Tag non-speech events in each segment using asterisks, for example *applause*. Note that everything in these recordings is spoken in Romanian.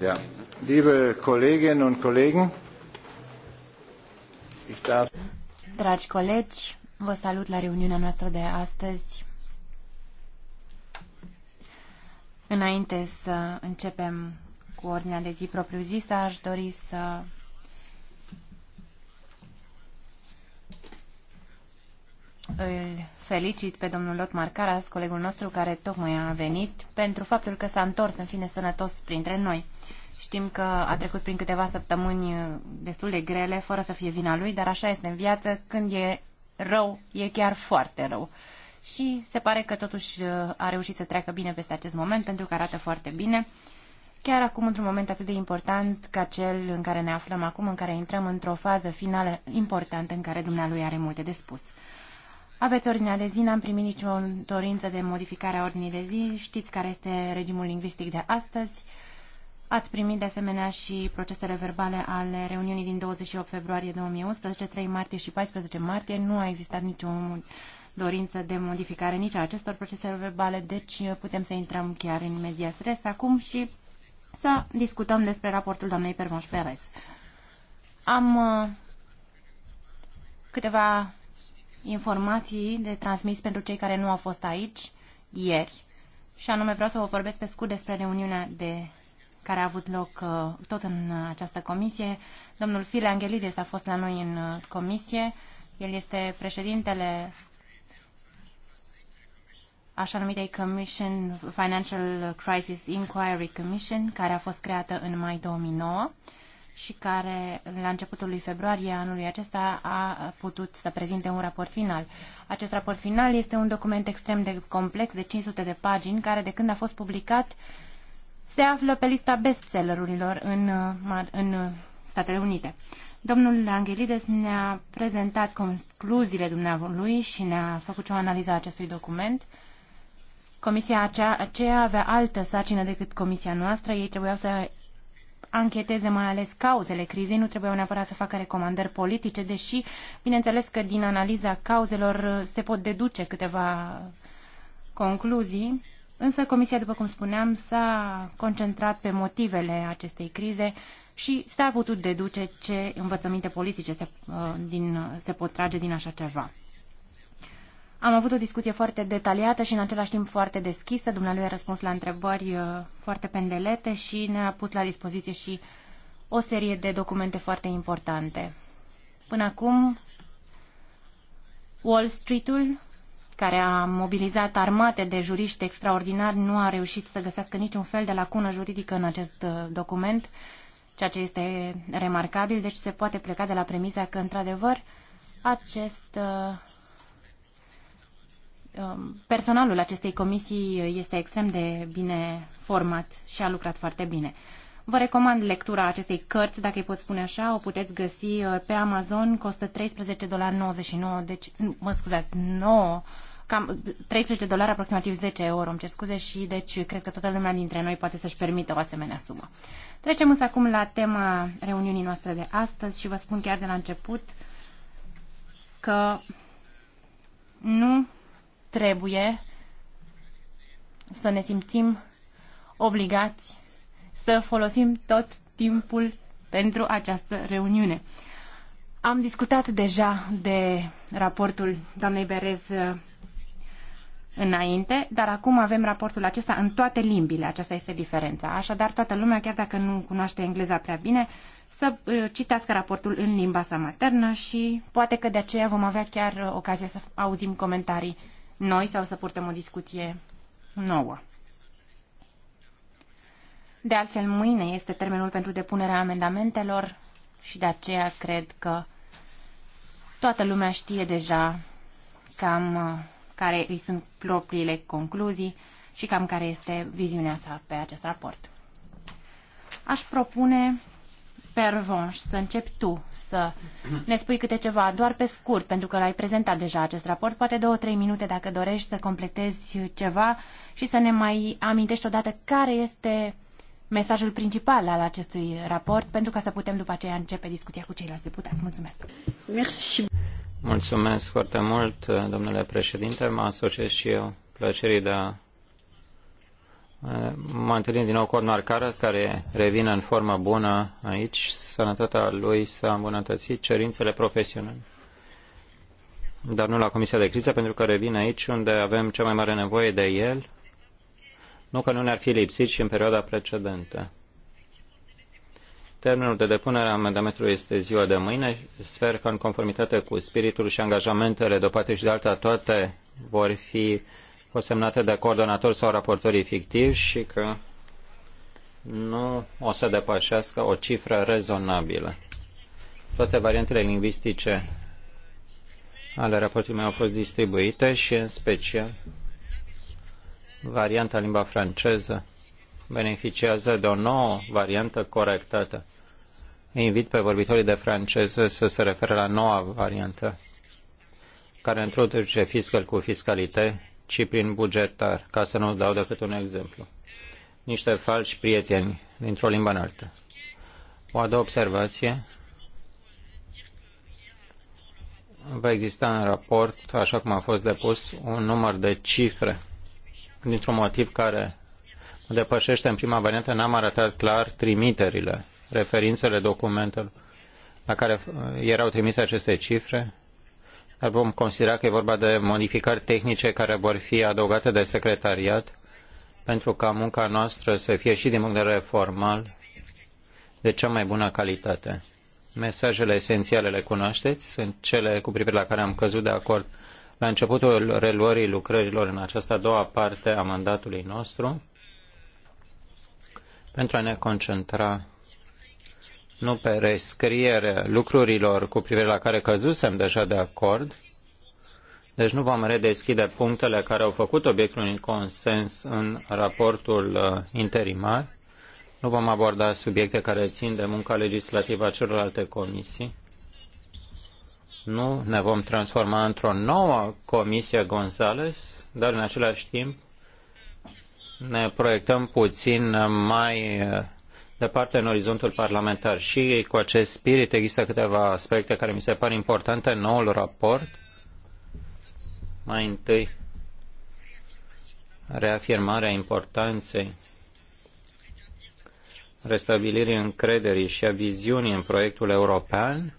Ja. Liebe Kolleginnen und Kollegen, ich darf... Dragi colegi, vă salut la reuniunea noastră de astăzi. Înainte să începem cu ordinea de zi propriu-zisă, aș dori să îl felicit pe domnul Lotmar Caras, colegul nostru care tocmai a venit, pentru faptul că s-a întors în fine sănătos printre noi. Știm că a trecut prin câteva săptămâni destul de grele, fără să fie vina lui, dar așa este în viață, când e rău, e chiar foarte rău. Și se pare că totuși uh, a reușit să treacă bine peste acest moment, pentru că arată foarte bine. Chiar acum, într-un moment atât de important ca cel în care ne aflăm acum, în care intrăm într-o fază finală importantă în care dumnealui are multe de spus. Aveți ordinea de zi, n-am primit nicio dorință de modificare a ordinii de zi, știți care este regimul lingvistic de astăzi. Ați primit de asemenea și procesele verbale ale reuniunii din 28 februarie 2011, 3 martie și 14 martie. Nu a existat nicio dorință de modificare nici a acestor procese verbale, deci putem să intrăm chiar în media stres acum și să discutăm despre raportul doamnei Pervonș Perez. Am uh, câteva informații de transmis pentru cei care nu au fost aici ieri. Și anume vreau să vă vorbesc pe scurt despre reuniunea de care a avut loc uh, tot în această comisie. Domnul File Angelides a fost la noi în uh, comisie. El este președintele așa numitei Commission Financial Crisis Inquiry Commission, care a fost creată în mai 2009 și care la începutul lui februarie anului acesta a putut să prezinte un raport final. Acest raport final este un document extrem de complex de 500 de pagini care de când a fost publicat se află pe lista bestsellerurilor în, uh, în uh, Statele Unite. Domnul Angelides ne-a prezentat concluziile dumneavoastră și ne-a făcut o analiză a acestui document. Comisia aceea, aceea avea altă sarcină decât comisia noastră. Ei trebuiau să ancheteze mai ales cauzele crizei, nu trebuiau neapărat să facă recomandări politice, deși, bineînțeles că din analiza cauzelor se pot deduce câteva concluzii, însă Comisia, după cum spuneam, s-a concentrat pe motivele acestei crize și s-a putut deduce ce învățăminte politice se, uh, din, se pot trage din așa ceva. Am avut o discuție foarte detaliată și în același timp foarte deschisă. Dumnealui a răspuns la întrebări uh, foarte pendelete și ne-a pus la dispoziție și o serie de documente foarte importante. Până acum, Wall Street-ul, care a mobilizat armate de juriști extraordinari, nu a reușit să găsească niciun fel de lacună juridică în acest uh, document, ceea ce este remarcabil, deci se poate pleca de la premisa că, într-adevăr, acest uh, Um, personalul acestei comisii este extrem de bine format și a lucrat foarte bine. Vă recomand lectura acestei cărți, dacă îi pot spune așa, o puteți găsi uh, pe Amazon, costă 13,99 dolari deci, mă scuzați, 9, cam 13 dolari, aproximativ 10 euro, îmi cer scuze și deci cred că toată lumea dintre noi poate să-și permită o asemenea sumă. Trecem însă acum la tema reuniunii noastre de astăzi și vă spun chiar de la început că nu trebuie să ne simțim obligați să folosim tot timpul pentru această reuniune. Am discutat deja de raportul doamnei Berez uh, înainte, dar acum avem raportul acesta în toate limbile. Aceasta este diferența. Așadar, toată lumea, chiar dacă nu cunoaște engleza prea bine, să uh, citească raportul în limba sa maternă și poate că de aceea vom avea chiar uh, ocazia să auzim comentarii noi sau să purtăm o discuție nouă. De altfel, mâine este termenul pentru depunerea amendamentelor și de aceea cred că toată lumea știe deja cam uh, care îi sunt propriile concluzii și cam care este viziunea sa pe acest raport. Aș propune Pervonș, să începi tu să ne spui câte ceva, doar pe scurt, pentru că l-ai prezentat deja acest raport, poate două-trei minute dacă dorești să completezi ceva și să ne mai amintești odată care este mesajul principal al acestui raport, pentru ca să putem după aceea începe discuția cu ceilalți deputați. Mulțumesc! Merci. Mulțumesc foarte mult, domnule președinte. Mă asociez și eu plăcerii de a Mă întâlnim din nou cu Ornar Caras, care revine în formă bună aici. Sănătatea lui s-a îmbunătățit, cerințele profesionale. Dar nu la Comisia de Criză, pentru că revine aici unde avem cea mai mare nevoie de el. Nu că nu ne-ar fi lipsit și în perioada precedentă. Termenul de depunere a amendamentului este ziua de mâine. Sper că în conformitate cu spiritul și angajamentele de o parte și de alta toate vor fi semnate de coordonatori sau raportorii fictivi și că nu o să depășească o cifră rezonabilă. Toate variantele lingvistice ale raportului meu au fost distribuite și în special varianta limba franceză beneficiază de o nouă variantă corectată. Îi invit pe vorbitorii de franceză să se refere la noua variantă care introduce fiscal cu fiscalitate ci prin bugetar, ca să nu dau decât un exemplu. Niște falși prieteni dintr-o limbă în altă. O a doua observație va exista în raport, așa cum a fost depus, un număr de cifre dintr-un motiv care depășește în prima variantă, n-am arătat clar trimiterile, referințele documentelor la care erau trimise aceste cifre vom considera că e vorba de modificări tehnice care vor fi adăugate de secretariat pentru ca munca noastră să fie și din punct de vedere formal de cea mai bună calitate. Mesajele esențiale le cunoașteți, sunt cele cu privire la care am căzut de acord la începutul reluării lucrărilor în această a doua parte a mandatului nostru pentru a ne concentra nu pe rescriere lucrurilor cu privire la care căzusem deja de acord. Deci nu vom redeschide punctele care au făcut obiectul unui consens în raportul uh, interimar. Nu vom aborda subiecte care țin de munca legislativă a celorlalte comisii. Nu ne vom transforma într-o nouă comisie González, dar în același timp ne proiectăm puțin mai uh, departe în orizontul parlamentar. Și cu acest spirit există câteva aspecte care mi se par importante în noul raport. Mai întâi, reafirmarea importanței restabilirii încrederii și a viziunii în proiectul european,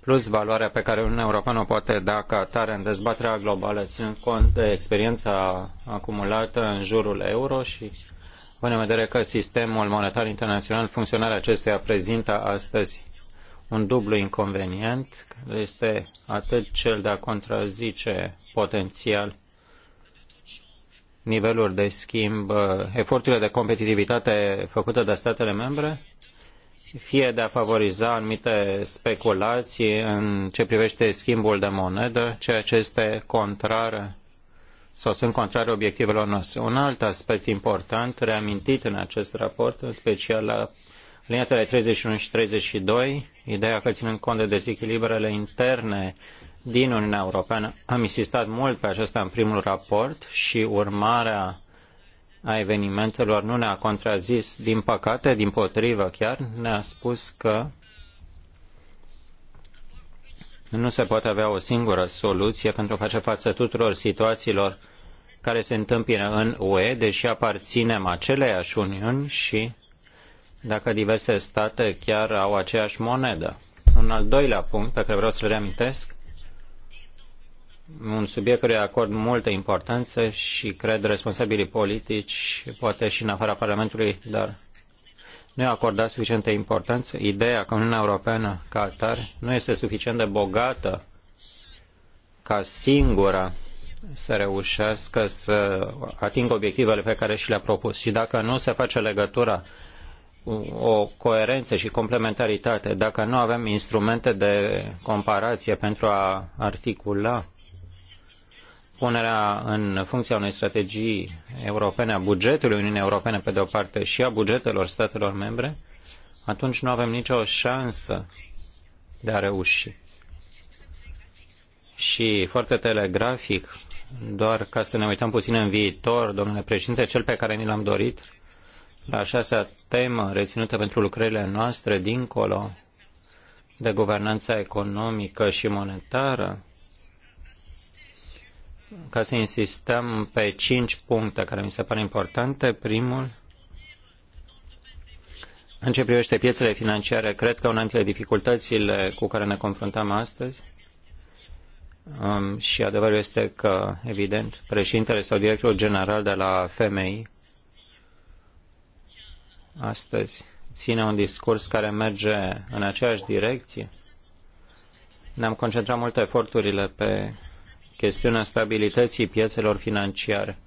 plus valoarea pe care Uniunea Europeană o poate da ca atare în dezbaterea globală, ținând cont de experiența acumulată în jurul euro și Având în vedere că sistemul monetar internațional, funcționarea acestuia prezintă astăzi un dublu inconvenient, care este atât cel de a contrazice potențial niveluri de schimb, eforturile de competitivitate făcute de statele membre, fie de a favoriza anumite speculații în ce privește schimbul de monedă, ceea ce este contrar sau sunt contrare obiectivelor noastre. Un alt aspect important reamintit în acest raport, în special la liniatele 31 și 32, ideea că ținând cont de dezechilibrele interne din Uniunea Europeană, am insistat mult pe acesta în primul raport și urmarea a evenimentelor nu ne-a contrazis, din păcate, din potrivă chiar, ne-a spus că nu se poate avea o singură soluție pentru a face față tuturor situațiilor care se întâmpină în UE, deși aparținem aceleiași uniuni și dacă diverse state chiar au aceeași monedă. Un al doilea punct pe care vreau să-l reamintesc, un subiect care acord multă importanță și cred responsabilii politici, poate și în afara Parlamentului, dar nu i-a acordat suficientă importanță. Ideea că Uniunea Europeană ca atare nu este suficient de bogată ca singura să reușească să atingă obiectivele pe care și le-a propus. Și dacă nu se face legătura o coerență și complementaritate, dacă nu avem instrumente de comparație pentru a articula punerea în funcția unei strategii europene a bugetului Uniunii Europene pe de o parte și a bugetelor statelor membre, atunci nu avem nicio șansă de a reuși. Și foarte telegrafic, doar ca să ne uităm puțin în viitor, domnule președinte, cel pe care ni l-am dorit, la șasea temă reținută pentru lucrările noastre, dincolo de guvernanța economică și monetară, ca să insistăm pe cinci puncte care mi se par importante. Primul, în ce privește piețele financiare, cred că una dintre dificultățile cu care ne confruntăm astăzi um, și adevărul este că, evident, președintele sau directorul general de la FMI astăzi ține un discurs care merge în aceeași direcție. Ne-am concentrat multe eforturile pe chestiunea stabilității piețelor financiare.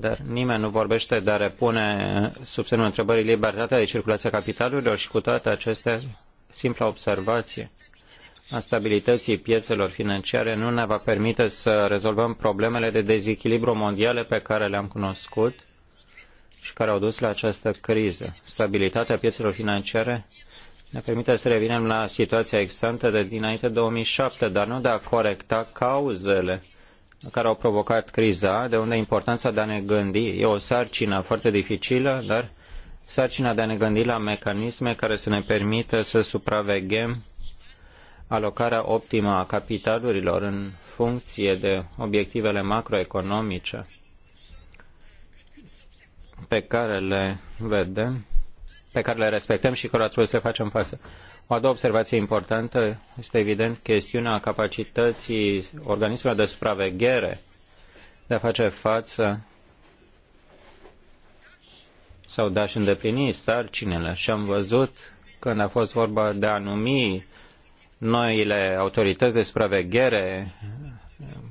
Dar nimeni nu vorbește de a repune sub semnul întrebării libertatea de circulație a capitalurilor și cu toate acestea, simpla observație a stabilității piețelor financiare nu ne va permite să rezolvăm problemele de dezechilibru mondiale pe care le-am cunoscut și care au dus la această criză. Stabilitatea piețelor financiare ne permite să revenim la situația existentă de dinainte 2007, dar nu de a corecta cauzele care au provocat criza, de unde importanța de a ne gândi. E o sarcină foarte dificilă, dar sarcina de a ne gândi la mecanisme care să ne permită să supraveghem alocarea optimă a capitalurilor în funcție de obiectivele macroeconomice pe care le vedem pe care le respectăm și cărora trebuie să facem față. O a doua observație importantă este evident chestiunea capacității organismelor de supraveghere de a face față sau de a-și îndeplini sarcinile. Și am văzut când a fost vorba de a numi noile autorități de supraveghere,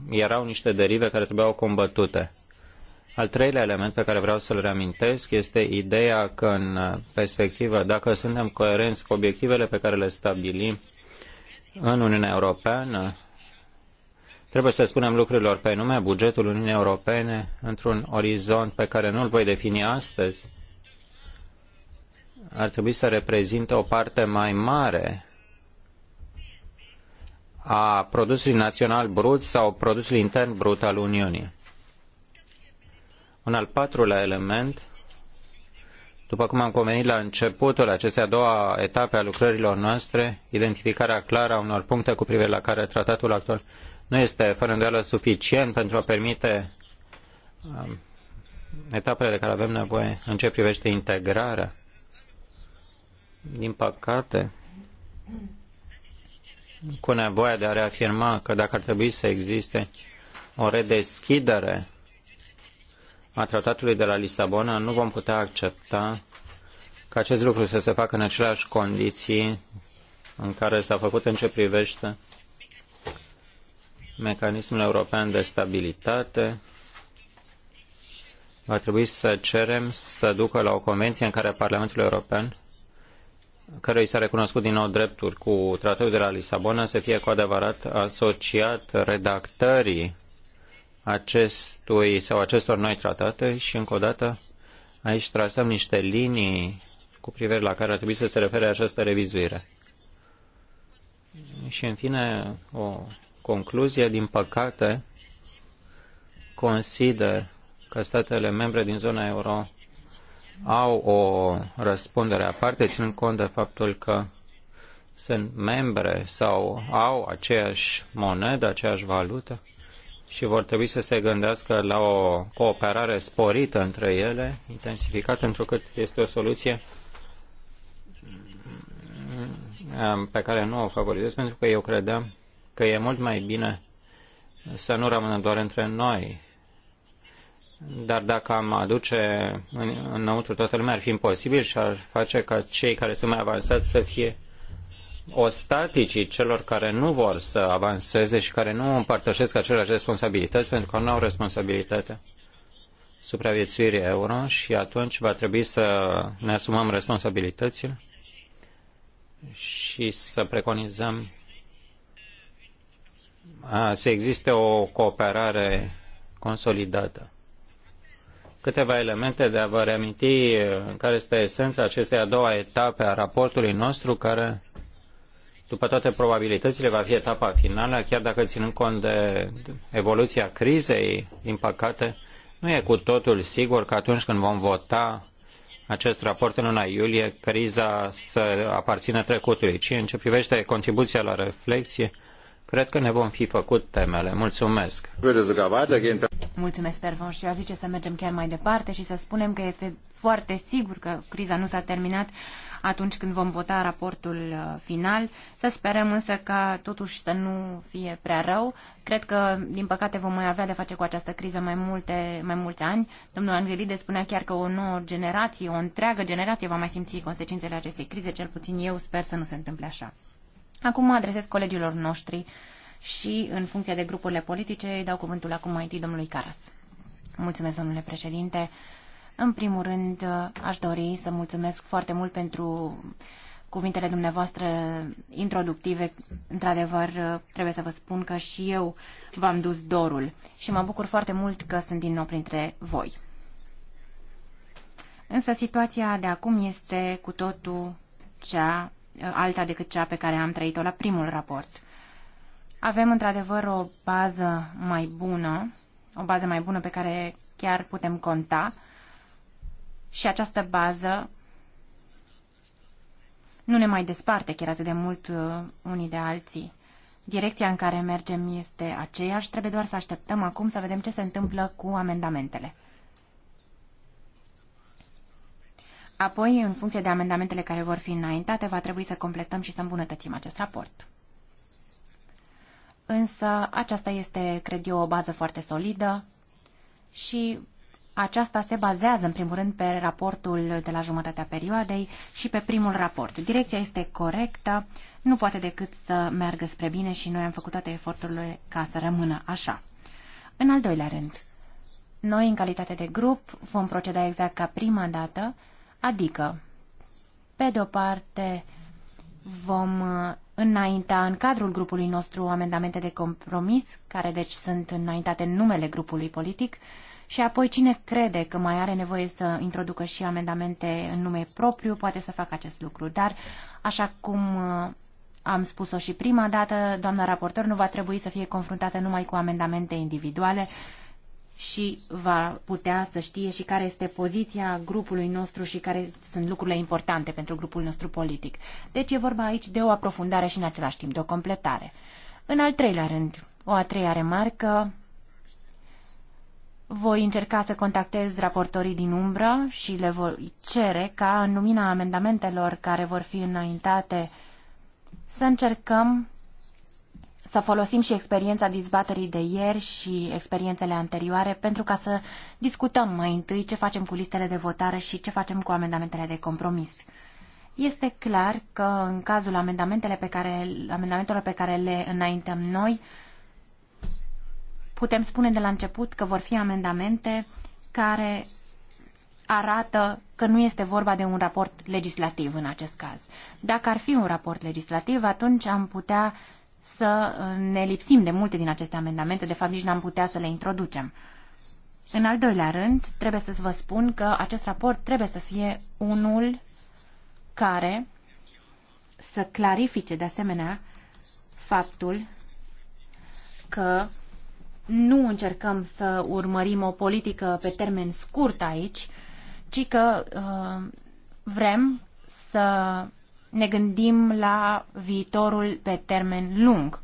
erau niște derive care trebuiau combătute. Al treilea element pe care vreau să-l reamintesc este ideea că în perspectivă, dacă suntem coerenți cu obiectivele pe care le stabilim în Uniunea Europeană, trebuie să spunem lucrurilor pe nume, bugetul Uniunii Europene, într-un orizont pe care nu-l voi defini astăzi, ar trebui să reprezinte o parte mai mare a produsului național brut sau produsului intern brut al Uniunii. Un al patrulea element, după cum am convenit la începutul acestei a doua etape a lucrărilor noastre, identificarea clară a unor puncte cu privire la care tratatul actual nu este fără îndoială suficient pentru a permite um, etapele de care avem nevoie în ce privește integrarea. Din păcate, cu nevoia de a reafirma că dacă ar trebui să existe o redeschidere a tratatului de la Lisabona, nu vom putea accepta ca acest lucru să se facă în aceleași condiții în care s-a făcut în ce privește mecanismul european de stabilitate. Va trebui să cerem să ducă la o convenție în care Parlamentul European care i s-a recunoscut din nou drepturi cu tratatul de la Lisabona, să fie cu adevărat asociat redactării acestui sau acestor noi tratate și încă o dată aici trasăm niște linii cu privire la care ar trebui să se refere această revizuire. Și în fine, o concluzie, din păcate, consider că statele membre din zona euro au o răspundere aparte, ținând cont de faptul că sunt membre sau au aceeași monedă, aceeași valută și vor trebui să se gândească la o cooperare sporită între ele, intensificată, pentru că este o soluție mm, pe care nu o favorizez, pentru că eu credeam că e mult mai bine să nu rămână doar între noi. Dar dacă am aduce în, înăuntru toată lumea, ar fi imposibil și ar face ca cei care sunt mai avansați să fie ostaticii celor care nu vor să avanseze și care nu împărtășesc aceleași responsabilități pentru că nu au responsabilitatea supraviețuirii euro și atunci va trebui să ne asumăm responsabilitățile și să preconizăm să existe o cooperare consolidată. Câteva elemente de a vă reaminti care este esența acestei a doua etape a raportului nostru care după toate probabilitățile, va fi etapa finală, chiar dacă ținând cont de evoluția crizei, din păcate, nu e cu totul sigur că atunci când vom vota acest raport în luna iulie, criza să aparțină trecutului, ci în ce privește contribuția la reflexie, cred că ne vom fi făcut temele. Mulțumesc! Mulțumesc, Pervon, și eu zice să mergem chiar mai departe și să spunem că este foarte sigur că criza nu s-a terminat atunci când vom vota raportul uh, final. Să sperăm însă ca totuși să nu fie prea rău. Cred că, din păcate, vom mai avea de face cu această criză mai, multe, mai mulți ani. Domnul Angelide spunea chiar că o nouă generație, o întreagă generație va mai simți consecințele acestei crize, cel puțin eu sper să nu se întâmple așa. Acum mă adresez colegilor noștri și, în funcție de grupurile politice, îi dau cuvântul acum mai întâi domnului Caras. Mulțumesc, domnule președinte. În primul rând, aș dori să mulțumesc foarte mult pentru cuvintele dumneavoastră introductive. Într-adevăr, trebuie să vă spun că și eu v-am dus dorul și mă bucur foarte mult că sunt din nou printre voi. Însă situația de acum este cu totul cea alta decât cea pe care am trăit-o la primul raport. Avem într-adevăr o bază mai bună, o bază mai bună pe care chiar putem conta și această bază nu ne mai desparte chiar atât de mult uh, unii de alții. Direcția în care mergem este aceeași, trebuie doar să așteptăm acum să vedem ce se întâmplă cu amendamentele. Apoi, în funcție de amendamentele care vor fi înaintate, va trebui să completăm și să îmbunătățim acest raport. Însă, aceasta este, cred eu, o bază foarte solidă și aceasta se bazează, în primul rând, pe raportul de la jumătatea perioadei și pe primul raport. Direcția este corectă, nu poate decât să meargă spre bine și noi am făcut toate eforturile ca să rămână așa. În al doilea rând, noi, în calitate de grup, vom proceda exact ca prima dată, adică, pe de o parte, vom uh, înainta în cadrul grupului nostru amendamente de compromis, care deci sunt înaintate în numele grupului politic, și apoi cine crede că mai are nevoie să introducă și amendamente în nume propriu, poate să facă acest lucru. Dar, așa cum uh, am spus-o și prima dată, doamna raportor nu va trebui să fie confruntată numai cu amendamente individuale și va putea să știe și care este poziția grupului nostru și care sunt lucrurile importante pentru grupul nostru politic. Deci e vorba aici de o aprofundare și în același timp de o completare. În al treilea rând, o a treia remarcă voi încerca să contactez raportorii din umbră și le voi cere ca, în lumina amendamentelor care vor fi înaintate, să încercăm să folosim și experiența dezbaterii de ieri și experiențele anterioare pentru ca să discutăm mai întâi ce facem cu listele de votare și ce facem cu amendamentele de compromis. Este clar că în cazul amendamentele pe care, amendamentelor pe care le înaintăm noi, Putem spune de la început că vor fi amendamente care arată că nu este vorba de un raport legislativ în acest caz. Dacă ar fi un raport legislativ, atunci am putea să uh, ne lipsim de multe din aceste amendamente, de fapt nici n-am putea să le introducem. În al doilea rând, trebuie să vă spun că acest raport trebuie să fie unul care să clarifice de asemenea faptul că nu încercăm să urmărim o politică pe termen scurt aici, ci că uh, vrem să ne gândim la viitorul pe termen lung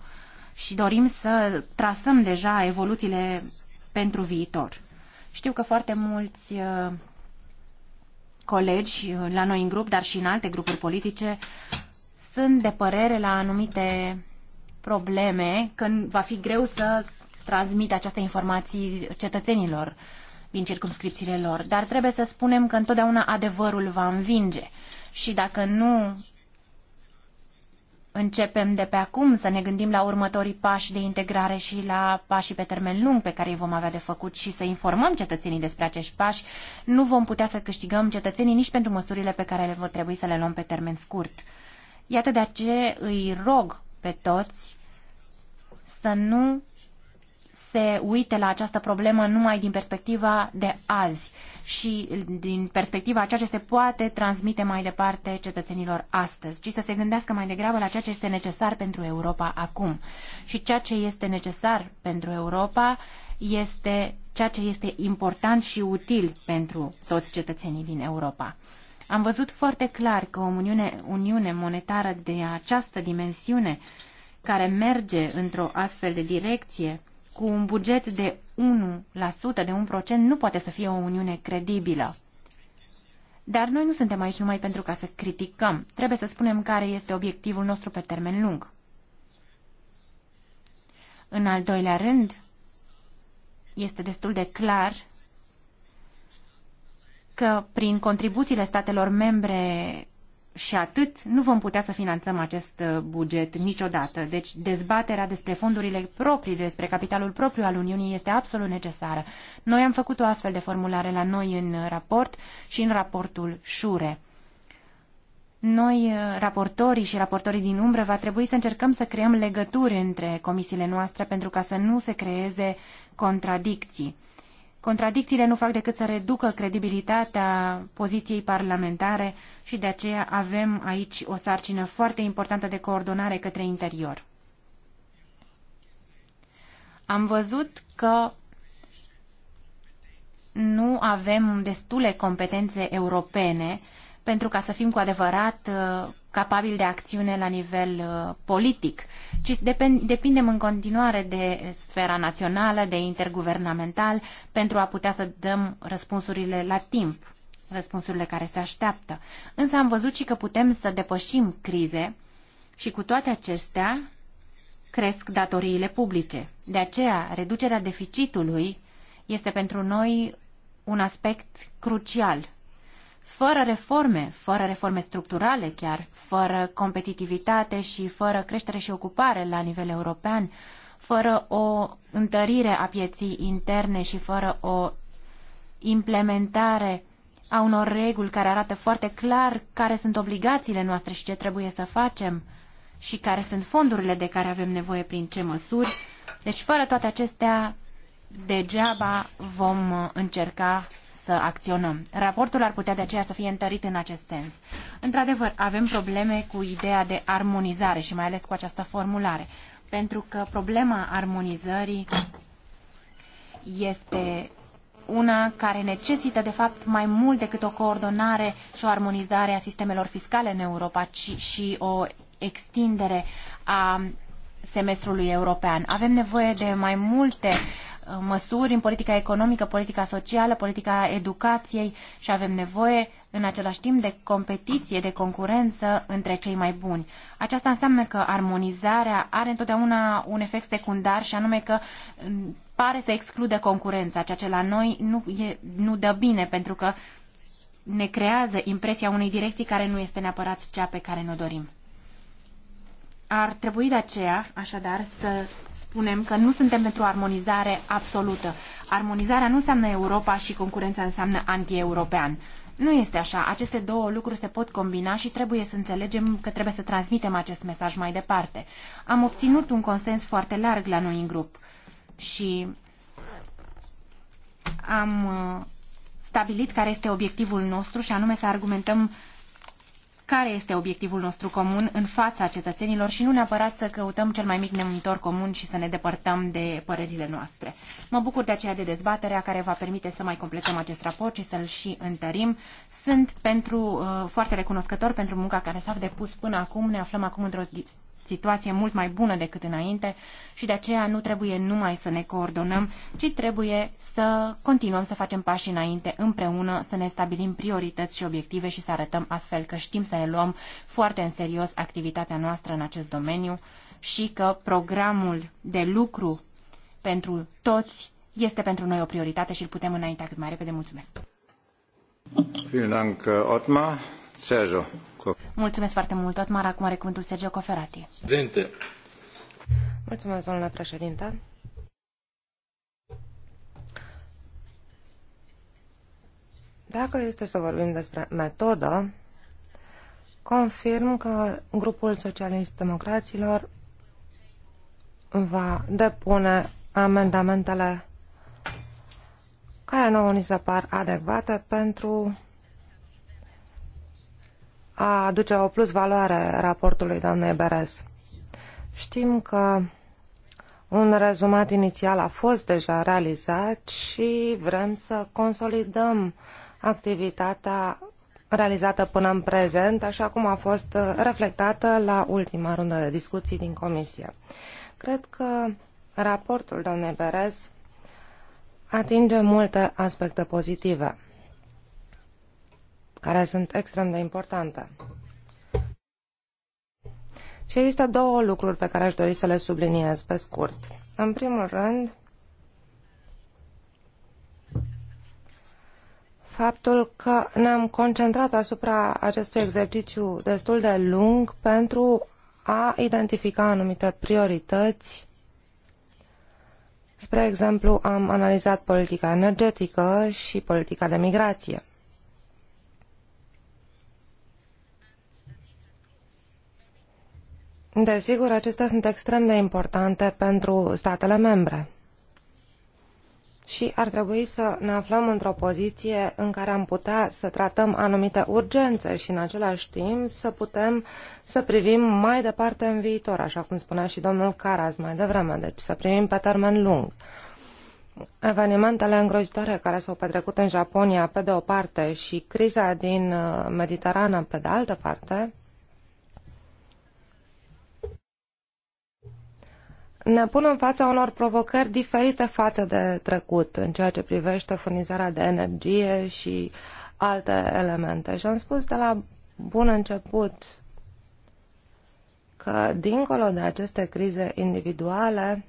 și dorim să trasăm deja evoluțiile pentru viitor. Știu că foarte mulți uh, colegi uh, la noi în grup, dar și în alte grupuri politice, sunt de părere la anumite probleme, când va fi greu să transmite aceste informații cetățenilor din circumscripțiile lor, dar trebuie să spunem că întotdeauna adevărul va învinge și dacă nu începem de pe acum să ne gândim la următorii pași de integrare și la pașii pe termen lung pe care îi vom avea de făcut și să informăm cetățenii despre acești pași, nu vom putea să câștigăm cetățenii nici pentru măsurile pe care le vor trebui să le luăm pe termen scurt. Iată de ce îi rog pe toți să nu se uite la această problemă numai din perspectiva de azi și din perspectiva a ceea ce se poate transmite mai departe cetățenilor astăzi, ci să se gândească mai degrabă la ceea ce este necesar pentru Europa acum. Și ceea ce este necesar pentru Europa este ceea ce este important și util pentru toți cetățenii din Europa. Am văzut foarte clar că o uniune, uniune monetară de această dimensiune, care merge într-o astfel de direcție, cu un buget de 1%, de 1%, nu poate să fie o Uniune credibilă. Dar noi nu suntem aici numai pentru ca să criticăm. Trebuie să spunem care este obiectivul nostru pe termen lung. În al doilea rând, este destul de clar că prin contribuțiile statelor membre și atât, nu vom putea să finanțăm acest uh, buget niciodată. Deci dezbaterea despre fondurile proprii, despre capitalul propriu al Uniunii este absolut necesară. Noi am făcut o astfel de formulare la noi în raport și în raportul Șure. Noi, uh, raportorii și raportorii din umbră, va trebui să încercăm să creăm legături între comisiile noastre pentru ca să nu se creeze contradicții. Contradicțiile nu fac decât să reducă credibilitatea poziției parlamentare și de aceea avem aici o sarcină foarte importantă de coordonare către interior. Am văzut că nu avem destule competențe europene pentru ca să fim cu adevărat uh, capabili de acțiune la nivel uh, politic, ci depindem în continuare de sfera națională, de interguvernamental, pentru a putea să dăm răspunsurile la timp, răspunsurile care se așteaptă. Însă am văzut și că putem să depășim crize și cu toate acestea cresc datoriile publice. De aceea, reducerea deficitului este pentru noi un aspect crucial fără reforme, fără reforme structurale chiar, fără competitivitate și fără creștere și ocupare la nivel european, fără o întărire a pieții interne și fără o implementare a unor reguli care arată foarte clar care sunt obligațiile noastre și ce trebuie să facem și care sunt fondurile de care avem nevoie prin ce măsuri. Deci fără toate acestea, degeaba vom încerca să acționăm. Raportul ar putea de aceea să fie întărit în acest sens. Într-adevăr, avem probleme cu ideea de armonizare și mai ales cu această formulare, pentru că problema armonizării este una care necesită, de fapt, mai mult decât o coordonare și o armonizare a sistemelor fiscale în Europa, ci și o extindere a semestrului european. Avem nevoie de mai multe măsuri în politica economică, politica socială, politica educației și avem nevoie în același timp de competiție, de concurență între cei mai buni. Aceasta înseamnă că armonizarea are întotdeauna un efect secundar și anume că mm, pare să exclude concurența, ceea ce la noi nu, e, nu dă bine pentru că ne creează impresia unei direcții care nu este neapărat cea pe care ne-o dorim. Ar trebui de aceea, așadar, să spunem că nu suntem pentru armonizare absolută. Armonizarea nu înseamnă Europa și concurența înseamnă anti-european. Nu este așa. Aceste două lucruri se pot combina și trebuie să înțelegem că trebuie să transmitem acest mesaj mai departe. Am obținut un consens foarte larg la noi în grup și am uh, stabilit care este obiectivul nostru și anume să argumentăm care este obiectivul nostru comun în fața cetățenilor și nu neapărat să căutăm cel mai mic nemuritor comun și să ne depărtăm de părerile noastre. Mă bucur de aceea de dezbaterea care va permite să mai completăm acest raport și să-l și întărim. Sunt pentru, uh, foarte recunoscător pentru munca care s-a depus până acum. Ne aflăm acum într-o situație mult mai bună decât înainte și de aceea nu trebuie numai să ne coordonăm, ci trebuie să continuăm să facem pași înainte împreună, să ne stabilim priorități și obiective și să arătăm astfel că știm să ne luăm foarte în serios activitatea noastră în acest domeniu și că programul de lucru pentru toți este pentru noi o prioritate și îl putem înainta cât mai repede. Mulțumesc! Vielen Dank, Otmar. Sergio. Mulțumesc foarte mult, Otmar. Acum are cuvântul Sergio Coferati. Dente. Mulțumesc, domnule președinte. Dacă este să vorbim despre metodă, confirm că grupul socialist democraților va depune amendamentele care nouă ni se par adecvate pentru a aduce o plus valoare raportului doamnei Beres. Știm că un rezumat inițial a fost deja realizat și vrem să consolidăm activitatea realizată până în prezent, așa cum a fost reflectată la ultima rundă de discuții din comisie. Cred că raportul doamnei Beres atinge multe aspecte pozitive care sunt extrem de importante. Și există două lucruri pe care aș dori să le subliniez pe scurt. În primul rând, faptul că ne-am concentrat asupra acestui exercițiu destul de lung pentru a identifica anumite priorități. Spre exemplu, am analizat politica energetică și politica de migrație. Desigur, acestea sunt extrem de importante pentru statele membre. Și ar trebui să ne aflăm într-o poziție în care am putea să tratăm anumite urgențe și în același timp să putem să privim mai departe în viitor, așa cum spunea și domnul Caraz mai devreme, deci să privim pe termen lung. Evenimentele îngrozitoare care s-au petrecut în Japonia pe de o parte și criza din uh, Mediterană pe de altă parte ne pun în fața unor provocări diferite față de trecut în ceea ce privește furnizarea de energie și alte elemente. Și am spus de la bun început că, dincolo de aceste crize individuale,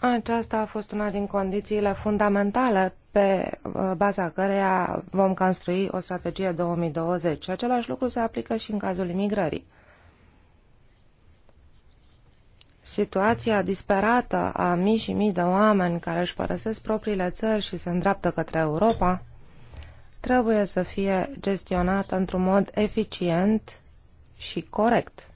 aceasta a fost una din condițiile fundamentale pe uh, baza căreia vom construi o strategie 2020 același lucru se aplică și în cazul imigrării. situația disperată a mii și mii de oameni care își părăsesc propriile țări și se îndreaptă către Europa trebuie să fie gestionată într-un mod eficient și corect.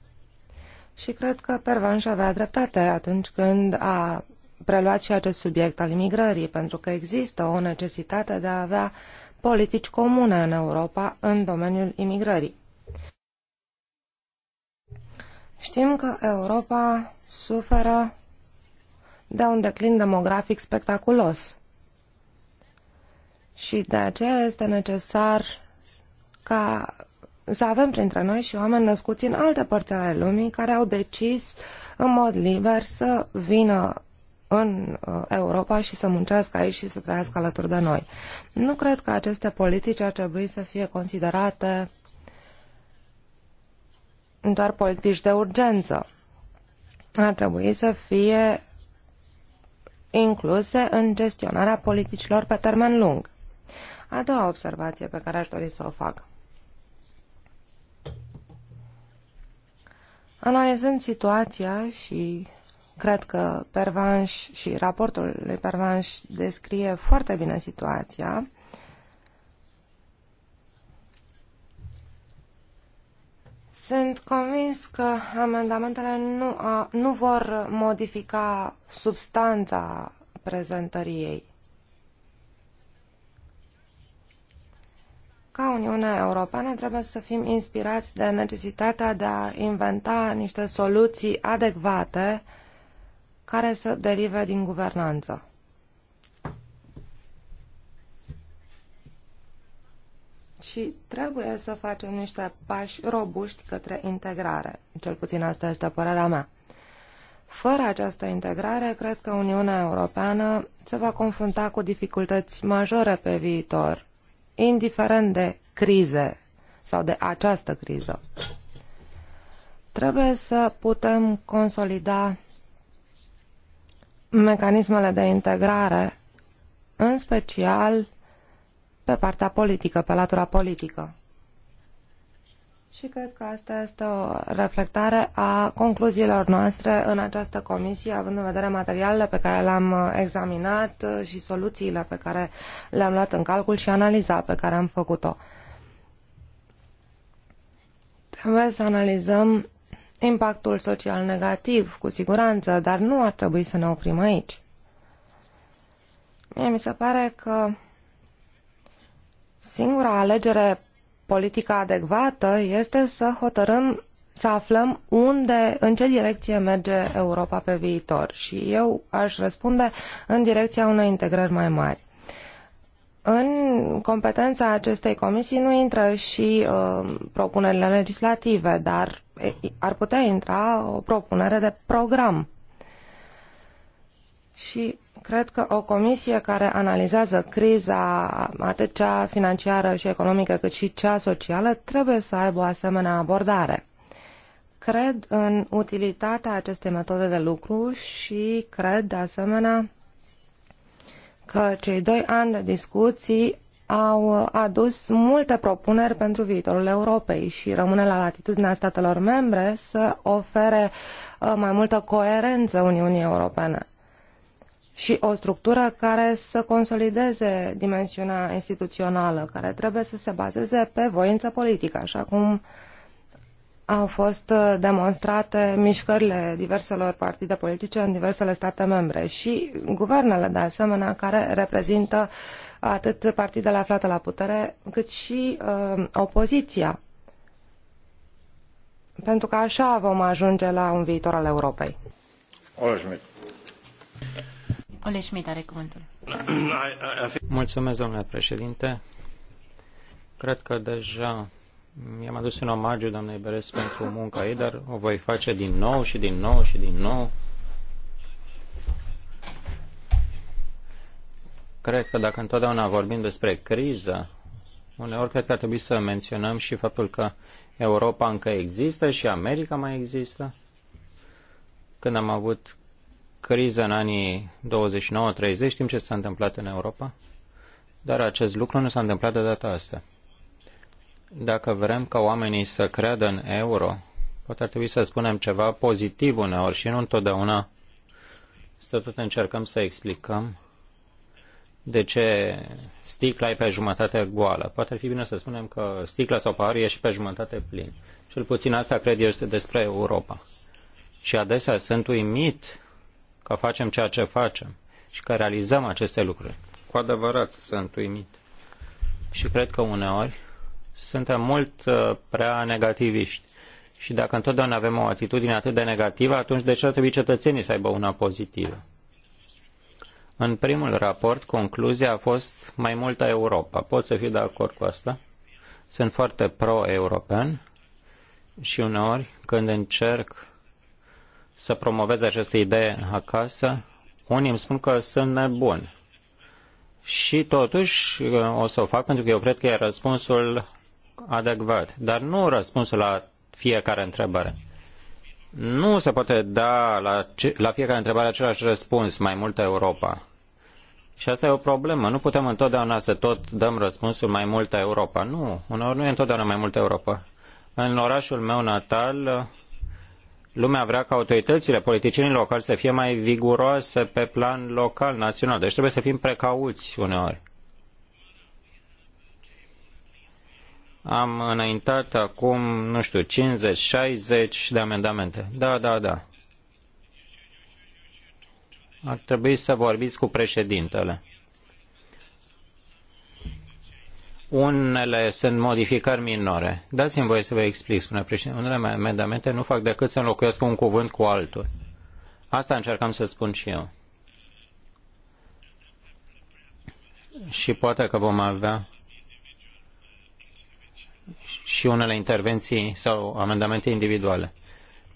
Și cred că Pervanș avea dreptate atunci când a preluat și acest subiect al imigrării, pentru că există o necesitate de a avea politici comune în Europa în domeniul imigrării. Știm că Europa suferă de un declin demografic spectaculos. Și de aceea este necesar ca să avem printre noi și oameni născuți în alte părți ale lumii care au decis în mod liber să vină în uh, Europa și să muncească aici și să trăiască alături de noi. Nu cred că aceste politici ar trebui să fie considerate doar politici de urgență ar trebui să fie incluse în gestionarea politicilor pe termen lung. A doua observație pe care aș dori să o fac. Analizând situația și cred că Pervanș și raportul lui Pervanș descrie foarte bine situația, Sunt convins că amendamentele nu, a, nu vor modifica substanța prezentării ei. Ca Uniunea Europeană trebuie să fim inspirați de necesitatea de a inventa niște soluții adecvate care să derive din guvernanță. și trebuie să facem niște pași robuști către integrare. Cel puțin asta este părerea mea. Fără această integrare, cred că Uniunea Europeană se va confrunta cu dificultăți majore pe viitor, indiferent de crize sau de această criză. Trebuie să putem consolida mecanismele de integrare, în special pe partea politică, pe latura politică. Și cred că asta este o reflectare a concluziilor noastre în această comisie, având în vedere materialele pe care le-am uh, examinat uh, și soluțiile pe care le-am luat în calcul și analiza pe care am făcut-o. Trebuie să analizăm impactul social negativ, cu siguranță, dar nu ar trebui să ne oprim aici. Mie mi se pare că Singura alegere politică adecvată este să hotărâm să aflăm unde, în ce direcție merge Europa pe viitor. Și eu aș răspunde în direcția unei integrări mai mari. În competența acestei comisii nu intră și uh, propunerile legislative, dar ar putea intra o propunere de program. Și Cred că o comisie care analizează criza, atât cea financiară și economică, cât și cea socială, trebuie să aibă o asemenea abordare. Cred în utilitatea acestei metode de lucru și cred, de asemenea, că cei doi ani de discuții au adus multe propuneri pentru viitorul Europei și rămâne la latitudinea statelor membre să ofere uh, mai multă coerență Uniunii Europene și o structură care să consolideze dimensiunea instituțională, care trebuie să se bazeze pe voință politică, așa cum au fost uh, demonstrate mișcările diverselor partide politice în diversele state membre și guvernele, de asemenea, care reprezintă atât partidele aflate la putere, cât și uh, opoziția. Pentru că așa vom ajunge la un viitor al Europei. Ola Schmidt. Ole Schmidt are cuvântul. Mulțumesc, domnule președinte. Cred că deja mi-am adus un omagiu doamnei Beres pentru munca ei, dar o voi face din nou și din nou și din nou. Cred că dacă întotdeauna vorbim despre criză, uneori cred că ar trebui să menționăm și faptul că Europa încă există și America mai există. Când am avut criză în anii 29-30, știm ce s-a întâmplat în Europa, dar acest lucru nu s-a întâmplat de data asta. Dacă vrem ca oamenii să creadă în euro, poate ar trebui să spunem ceva pozitiv uneori și nu întotdeauna să tot încercăm să explicăm de ce sticla e pe jumătate goală. Poate ar fi bine să spunem că sticla sau paharul e și pe jumătate plin. Cel puțin asta cred eu este despre Europa. Și adesea sunt uimit că facem ceea ce facem și că realizăm aceste lucruri. Cu adevărat sunt uimit. Și cred că uneori suntem mult uh, prea negativiști. Și dacă întotdeauna avem o atitudine atât de negativă, atunci de ce ar trebui cetățenii să aibă una pozitivă? În primul raport, concluzia a fost mai multă Europa. Pot să fiu de acord cu asta. Sunt foarte pro-european și uneori când încerc să promoveze această idee acasă, unii îmi spun că sunt nebuni. Și totuși uh, o să o fac pentru că eu cred că e răspunsul adecvat, dar nu răspunsul la fiecare întrebare. Nu se poate da la, ce, la fiecare întrebare același răspuns, mai multă Europa. Și asta e o problemă. Nu putem întotdeauna să tot dăm răspunsul mai multă Europa. Nu, uneori nu e întotdeauna mai multă Europa. În orașul meu natal lumea vrea ca autoritățile, politicienii locali să fie mai viguroase pe plan local, național. Deci trebuie să fim precauți uneori. Am înaintat acum, nu știu, 50-60 de amendamente. Da, da, da. Ar trebui să vorbiți cu președintele. Unele sunt modificări minore. Dați-mi voie să vă explic, spune președinte. Unele amendamente nu fac decât să înlocuiesc un cuvânt cu altul. Asta încercam să spun și eu. Și poate că vom avea și unele intervenții sau amendamente individuale.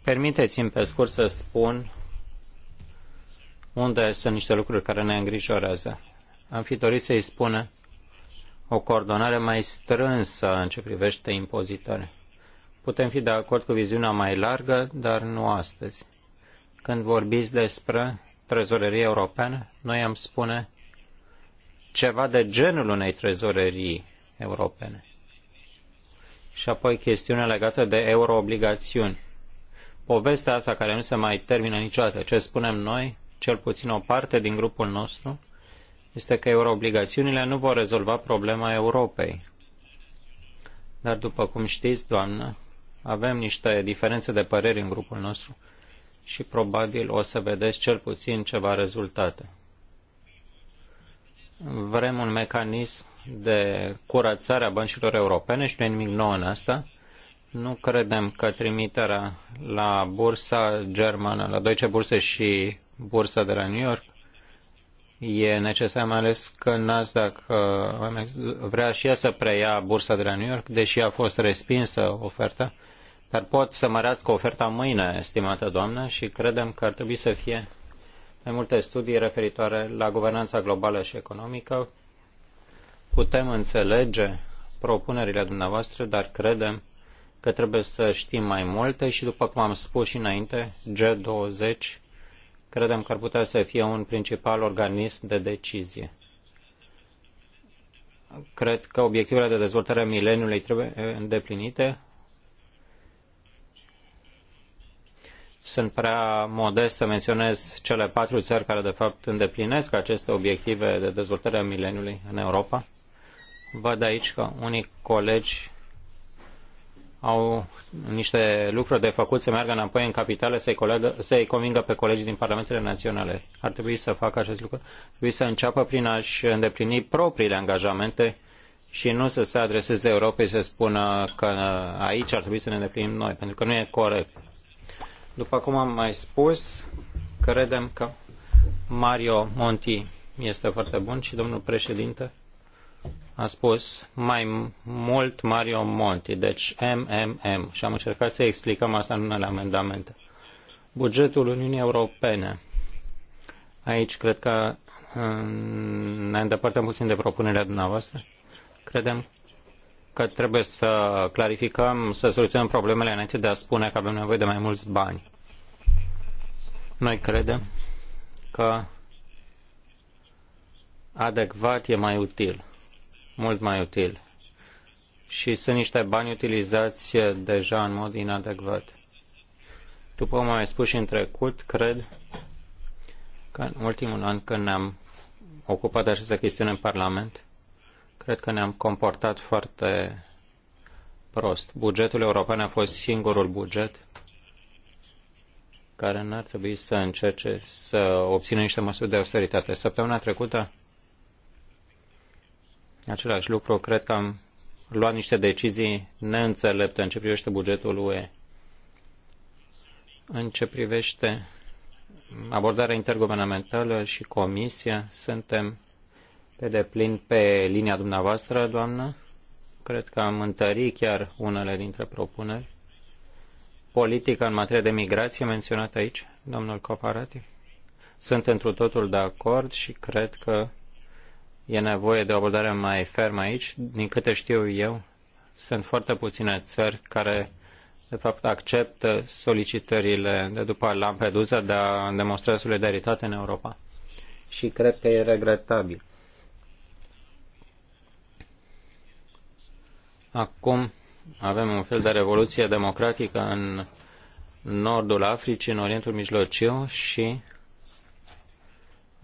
Permiteți-mi pe scurt să spun unde sunt niște lucruri care ne îngrijorează. Am fi dorit să-i spună o coordonare mai strânsă în ce privește impozitarea. Putem fi de acord cu viziunea mai largă, dar nu astăzi. Când vorbiți despre trezorerie europeană, noi am spune ceva de genul unei trezorerii europene. Și apoi chestiunea legată de euroobligațiuni. Povestea asta care nu se mai termină niciodată, ce spunem noi, cel puțin o parte din grupul nostru, este că euroobligațiunile nu vor rezolva problema Europei. Dar după cum știți, doamnă, avem niște diferențe de păreri în grupul nostru și probabil o să vedeți cel puțin ceva rezultate. Vrem un mecanism de curățare a băncilor europene și nu e nimic nou în asta. Nu credem că trimiterea la bursa germană, la Deutsche Bursă și bursa de la New York, e necesar, mai ales că Nasdaq vrea și ea să preia bursa de la New York, deși a fost respinsă oferta, dar pot să mărească oferta mâine, estimată doamnă, și credem că ar trebui să fie mai multe studii referitoare la guvernanța globală și economică. Putem înțelege propunerile dumneavoastră, dar credem că trebuie să știm mai multe și, după cum am spus și înainte, G20 credem că ar putea să fie un principal organism de decizie. Cred că obiectivele de dezvoltare a mileniului trebuie îndeplinite. Sunt prea modest să menționez cele patru țări care de fapt îndeplinesc aceste obiective de dezvoltare a mileniului în Europa. Văd aici că unii colegi au niște lucruri de făcut să meargă înapoi în capitală să-i, colegă, să-i convingă pe colegii din Parlamentele Naționale. Ar trebui să facă acest lucru. Trebuie să înceapă prin a-și îndeplini propriile angajamente și nu să se adreseze Europei să spună că aici ar trebui să ne îndeplinim noi, pentru că nu e corect. După cum am mai spus, credem că Mario Monti este foarte bun și domnul președinte a spus mai mult Mario Monti, deci MMM, și am încercat să explicăm asta în unele amendamente. Bugetul Uniunii Europene. Aici cred că uh, ne îndepărtăm puțin de propunerea dumneavoastră. Credem că trebuie să clarificăm, să soluționăm problemele înainte de a spune că avem nevoie de mai mulți bani. Noi credem că adecvat e mai util mult mai util. Și sunt niște bani utilizați deja în mod inadecvat. După cum am spus și în trecut, cred că în ultimul an când ne-am ocupat de această chestiune în Parlament, cred că ne-am comportat foarte prost. Bugetul european a fost singurul buget care n-ar trebui să încerce să obțină niște măsuri de austeritate. Săptămâna trecută Același lucru, cred că am luat niște decizii neînțelepte în ce privește bugetul UE. În ce privește abordarea interguvernamentală și comisia, suntem pe deplin pe linia dumneavoastră, doamnă. Cred că am întărit chiar unele dintre propuneri. Politica în materie de migrație menționată aici, domnul Coparati. Sunt întru totul de acord și cred că E nevoie de o abordare mai fermă aici. Din câte știu eu, sunt foarte puține țări care de fapt acceptă solicitările de după Lampedusa de a demonstra solidaritate în Europa. Și cred că e regretabil. Acum avem un fel de revoluție democratică în nordul Africii, în Orientul Mijlociu și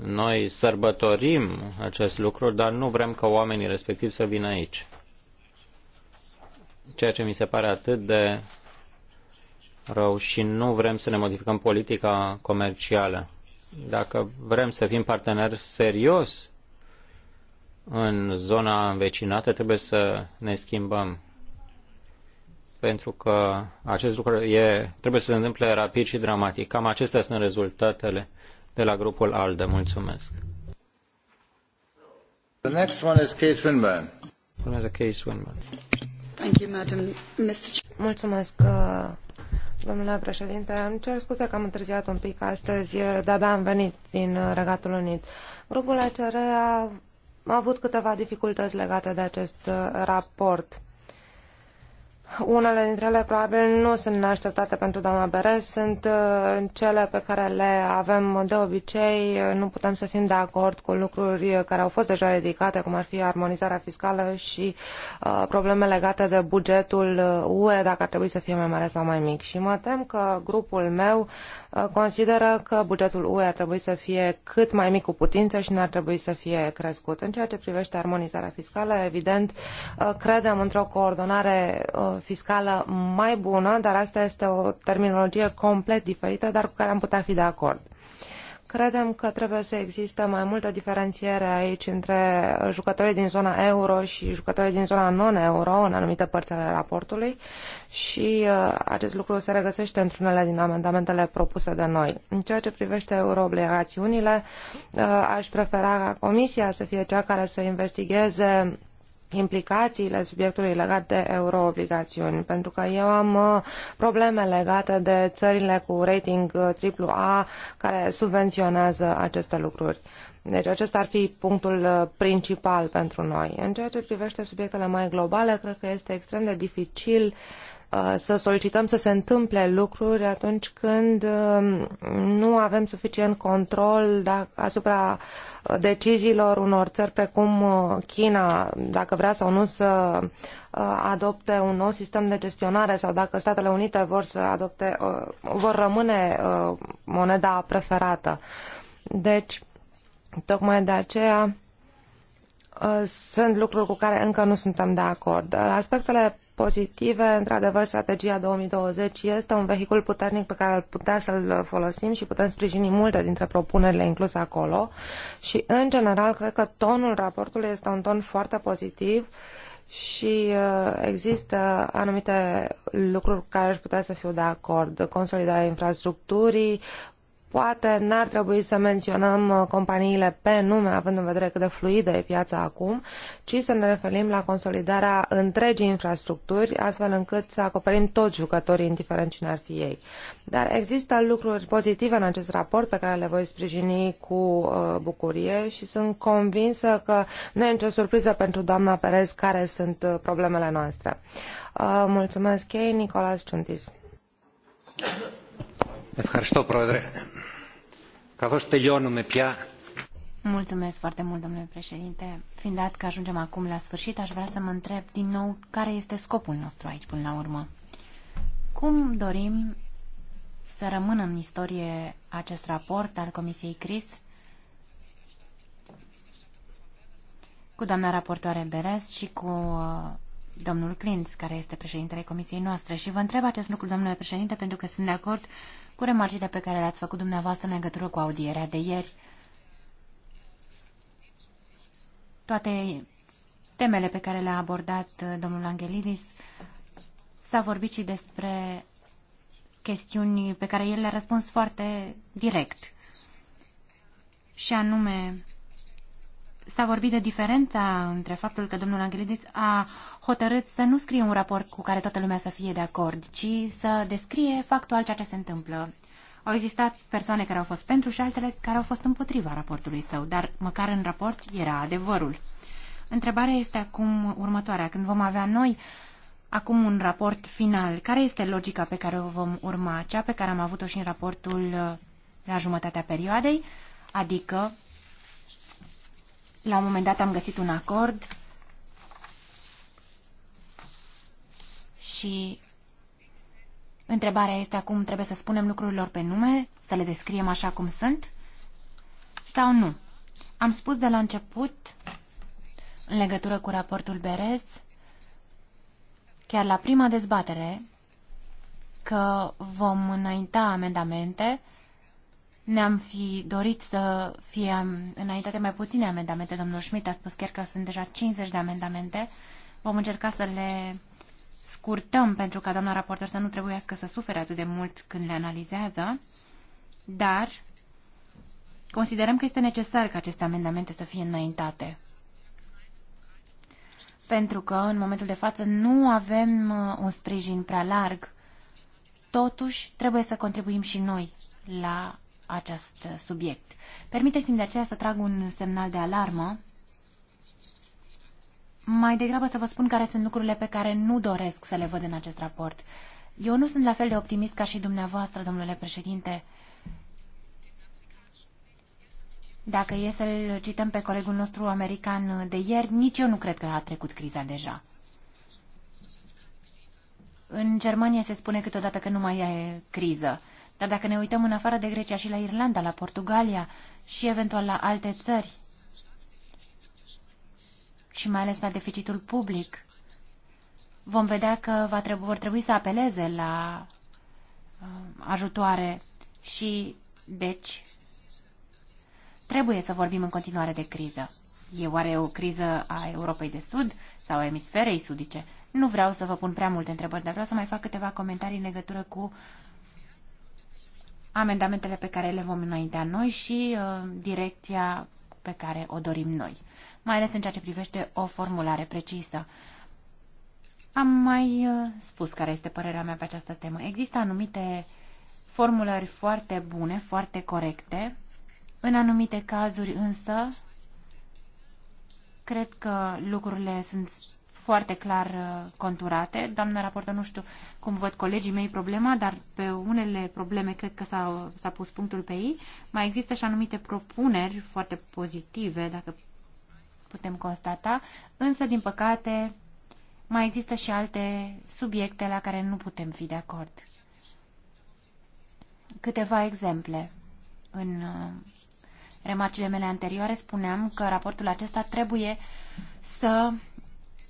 noi sărbătorim acest lucru, dar nu vrem ca oamenii respectivi să vină aici. Ceea ce mi se pare atât de rău și nu vrem să ne modificăm politica comercială. Dacă vrem să fim partener serios în zona învecinată, trebuie să ne schimbăm. Pentru că acest lucru e, trebuie să se întâmple rapid și dramatic. Cam acestea sunt rezultatele de la grupul ALDE. Mulțumesc. The next one is Case Winburn. Urmează Case Thank you, Madam. Mr. Mulțumesc, uh, Domnule președinte, îmi cer scuze că am întârziat un pic astăzi, de-abia am venit din uh, Regatul Unit. Grupul ACR a, a avut câteva dificultăți legate de acest uh, raport. Unele dintre ele probabil nu sunt neașteptate pentru doamna Beres, sunt uh, cele pe care le avem de obicei. Uh, nu putem să fim de acord cu lucruri uh, care au fost deja ridicate, cum ar fi armonizarea fiscală și probleme legate de bugetul UE, dacă ar trebui să fie mai mare sau mai mic. Și mă tem că grupul meu Uh, consideră că bugetul UE ar trebui să fie cât mai mic cu putință și nu ar trebui să fie crescut. În ceea ce privește armonizarea fiscală, evident, uh, credem într-o coordonare uh, fiscală mai bună, dar asta este o terminologie complet diferită, dar cu care am putea fi de acord. Credem că trebuie să existe mai multă diferențiere aici între jucătorii din zona euro și jucătorii din zona non-euro în anumite părți ale raportului și uh, acest lucru se regăsește într-unele din amendamentele propuse de noi. În ceea ce privește euroobligațiunile, uh, aș prefera ca Comisia să fie cea care să investigheze implicațiile subiectului legat de euroobligațiuni, pentru că eu am uh, probleme legate de țările cu rating AAA uh, care subvenționează aceste lucruri. Deci acesta ar fi punctul uh, principal pentru noi. În ceea ce privește subiectele mai globale, cred că este extrem de dificil uh, Uh, să solicităm să se întâmple lucruri atunci când um, nu avem suficient control da, asupra deciziilor unor țări precum uh, China, dacă vrea sau nu să uh, adopte un nou sistem de gestionare sau dacă Statele Unite vor să adopte, vor rămâne moneda preferată. Deci, tocmai de aceea sunt lucruri cu care încă nu suntem de acord. Aspectele pozitive. Într-adevăr, strategia 2020 este un vehicul puternic pe care putem să-l folosim și putem sprijini multe dintre propunerile incluse acolo. Și, în general, cred că tonul raportului este un ton foarte pozitiv și uh, există anumite lucruri cu care aș putea să fiu de acord. Consolidarea infrastructurii, Poate n-ar trebui să menționăm uh, companiile pe nume, având în vedere cât de fluidă e piața acum, ci să ne referim la consolidarea întregii infrastructuri, astfel încât să acoperim toți jucătorii, indiferent cine ar fi ei. Dar există lucruri pozitive în acest raport pe care le voi sprijini cu uh, bucurie și sunt convinsă că nu e nicio surpriză pentru doamna Perez care sunt uh, problemele noastre. Mulțumesc ei, Nicolas Ciuntis. Ευχαριστώ, Πρόεδρε. Καθώς τελειώνουμε πια... Mulțumesc foarte mult, domnule președinte. Fiind dat că ajungem acum la sfârșit, aș vrea să mă întreb din nou care este scopul nostru aici până la urmă. Cum dorim să rămână în istorie acest raport al Comisiei CRIS cu doamna raportoare Beres și cu uh, domnul Clintz, care este președintele comisiei noastre. Și vă întreb acest lucru, domnule președinte, pentru că sunt de acord cu remarcile pe care le-ați făcut dumneavoastră în legătură cu audierea de ieri. Toate temele pe care le-a abordat uh, domnul Angelidis s-a vorbit și despre chestiuni pe care el le-a răspuns foarte direct. Și anume, s-a vorbit de diferența între faptul că domnul Angelidis a hotărât să nu scrie un raport cu care toată lumea să fie de acord, ci să descrie factual ceea ce se întâmplă. Au existat persoane care au fost pentru și altele care au fost împotriva raportului său, dar măcar în raport era adevărul. Întrebarea este acum următoarea. Când vom avea noi acum un raport final, care este logica pe care o vom urma? Cea pe care am avut-o și în raportul uh, la jumătatea perioadei, adică la un moment dat am găsit un acord și întrebarea este acum, trebuie să spunem lucrurilor pe nume, să le descriem așa cum sunt sau nu? Am spus de la început, în legătură cu raportul Berez, chiar la prima dezbatere, că vom înainta amendamente. Ne-am fi dorit să fie înaintate mai puține amendamente. Domnul Schmidt a spus chiar că sunt deja 50 de amendamente. Vom încerca să le scurtăm pentru ca doamna raportor să nu trebuiască să sufere atât de mult când le analizează, dar considerăm că este necesar ca aceste amendamente să fie înaintate. Pentru că, în momentul de față, nu avem uh, un sprijin prea larg. Totuși, trebuie să contribuim și noi la acest subiect. Permiteți-mi de aceea să trag un semnal de alarmă mai degrabă să vă spun care sunt lucrurile pe care nu doresc să le văd în acest raport. Eu nu sunt la fel de optimist ca și dumneavoastră, domnule președinte. Dacă e să-l cităm pe colegul nostru american de ieri, nici eu nu cred că a trecut criza deja. În Germania se spune câteodată că nu mai e criză. Dar dacă ne uităm în afară de Grecia și la Irlanda, la Portugalia și eventual la alte țări, și mai ales la deficitul public, vom vedea că va trebui, vor trebui să apeleze la uh, ajutoare și, deci, trebuie să vorbim în continuare de criză. E oare o criză a Europei de Sud sau a emisferei sudice? Nu vreau să vă pun prea multe întrebări, dar vreau să mai fac câteva comentarii în legătură cu amendamentele pe care le vom înaintea noi și uh, direcția pe care o dorim noi mai ales în ceea ce privește o formulare precisă. Am mai uh, spus care este părerea mea pe această temă. Există anumite formulări foarte bune, foarte corecte. În anumite cazuri însă, cred că lucrurile sunt foarte clar uh, conturate. Doamna raportă, nu știu cum văd colegii mei problema, dar pe unele probleme cred că s-a, pus punctul pe ei. Mai există și anumite propuneri foarte pozitive, dacă putem constata, însă, din păcate, mai există și alte subiecte la care nu putem fi de acord. Câteva exemple. În uh, remarcile mele anterioare spuneam că raportul acesta trebuie să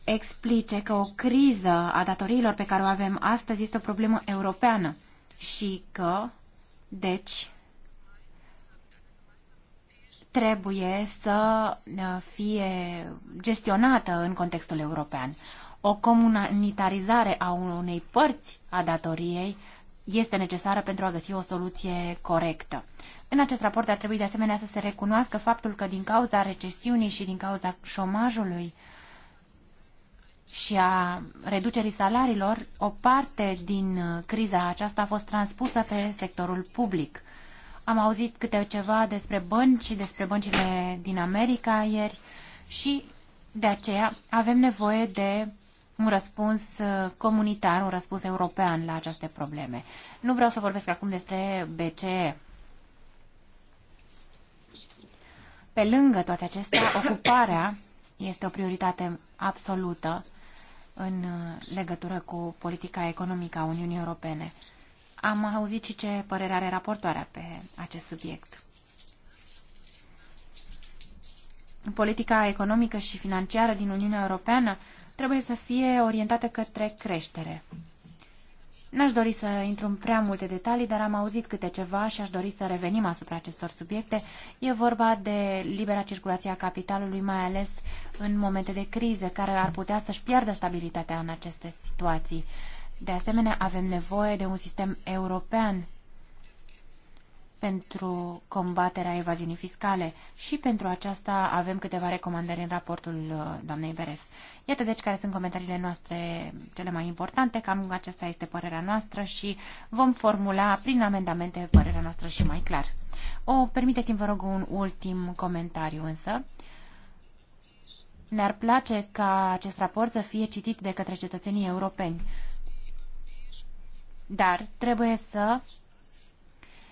explice că o criză a datoriilor pe care o avem astăzi este o problemă europeană și că, deci, trebuie să uh, fie gestionată în contextul european. O comunitarizare a unei părți a datoriei este necesară pentru a găsi o soluție corectă. În acest raport ar trebui de asemenea să se recunoască faptul că din cauza recesiunii și din cauza șomajului și a reducerii salariilor, o parte din uh, criza aceasta a fost transpusă pe sectorul public. Am auzit câte ceva despre bănci, despre băncile din America ieri și de aceea avem nevoie de un răspuns uh, comunitar, un răspuns european la aceste probleme. Nu vreau să vorbesc acum despre BCE. Pe lângă toate acestea, *coughs* ocuparea este o prioritate absolută în uh, legătură cu politica economică a Uniunii Europene. Am auzit și ce părere are raportoarea pe acest subiect. Politica economică și financiară din Uniunea Europeană trebuie să fie orientată către creștere. N-aș dori să intru în prea multe detalii, dar am auzit câte ceva și aș dori să revenim asupra acestor subiecte. E vorba de libera circulație a capitalului, mai ales în momente de criză, care ar putea să-și piardă stabilitatea în aceste situații. De asemenea, avem nevoie de un sistem european pentru combaterea evaziunii fiscale și pentru aceasta avem câteva recomandări în raportul uh, doamnei Beres. Iată deci care sunt comentariile noastre cele mai importante, cam aceasta este părerea noastră și vom formula prin amendamente părerea noastră și mai clar. O permiteți-mi vă rog un ultim comentariu însă. Ne-ar place ca acest raport să fie citit de către cetățenii europeni dar trebuie să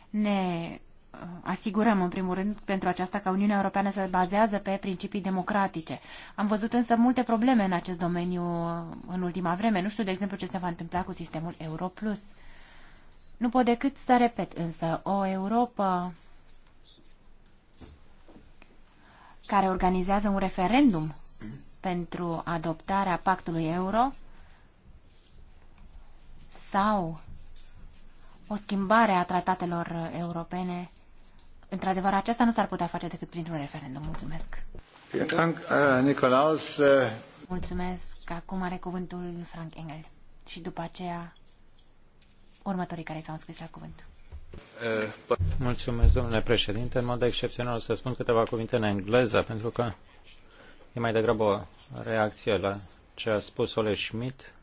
ne uh, asigurăm, în primul rând, pentru aceasta că Uniunea Europeană se bazează pe principii democratice. Am văzut însă multe probleme în acest domeniu uh, în ultima vreme. Nu știu, de exemplu, ce se va întâmpla cu sistemul Europlus. Nu pot decât să repet, însă, o Europa care organizează un referendum pentru adoptarea pactului euro sau o schimbare a tratatelor europene. Într-adevăr, acesta nu s-ar putea face decât printr-un referendum. Mulțumesc. Eh, Nicolaus. Eh. Mulțumesc. Acum are cuvântul Frank Engel. Și după aceea, următorii care s-au înscris la cuvânt. Eh, mulțumesc, domnule președinte. În mod excepțional o să spun câteva cuvinte în engleză, pentru că e mai degrabă o reacție la ce a spus Ole Schmidt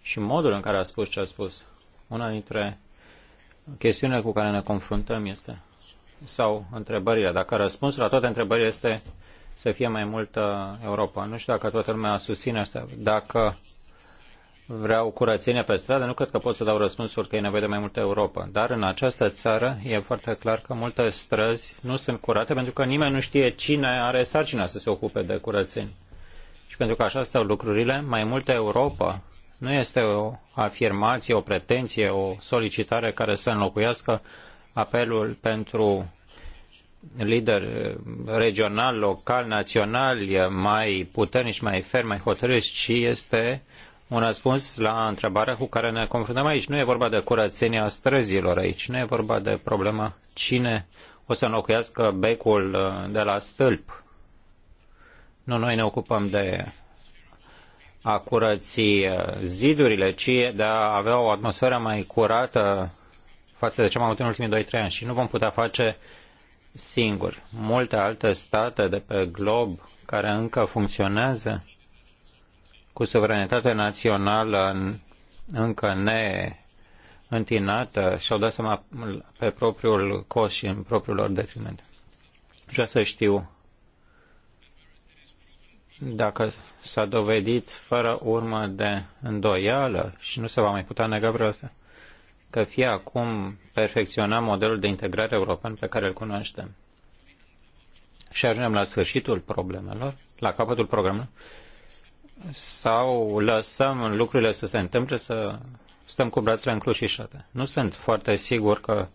și modul în care a spus ce a spus. Una dintre chestiunile cu care ne confruntăm este, sau întrebările, dacă răspunsul la toate întrebările este să fie mai multă Europa. Nu știu dacă toată lumea susține asta. Dacă vreau curățenie pe stradă, nu cred că pot să dau răspunsul că e nevoie de mai multă Europa. Dar în această țară e foarte clar că multe străzi nu sunt curate pentru că nimeni nu știe cine are sarcina să se ocupe de curățenie. Și pentru că așa stau lucrurile, mai multă Europa nu este o afirmație, o pretenție, o solicitare care să înlocuiască apelul pentru lideri regional, local, național mai puternici, mai fermi, mai hotărâți, ci este un răspuns la întrebarea cu care ne confruntăm aici. Nu e vorba de curățenia străzilor aici, nu e vorba de problema cine o să înlocuiască becul uh, de la stâlp. Nu, noi ne ocupăm de a curăți uh, zidurile, ci de a avea o atmosferă mai curată față de ce am avut în ultimii 2-3 ani și nu vom putea face singuri. Multe alte state de pe glob care încă funcționează cu suveranitate națională încă ne întinată și-au dat seama pe propriul cost și în propriul lor detriment. Vreau să știu dacă s-a dovedit fără urmă de îndoială și nu se va mai putea nega vreodată că fie acum perfecționăm modelul de integrare european pe care îl cunoaștem și ajungem la sfârșitul problemelor, la capătul programului sau lăsăm lucrurile să se întâmple, să stăm cu brațele încrucișate. Nu sunt foarte sigur că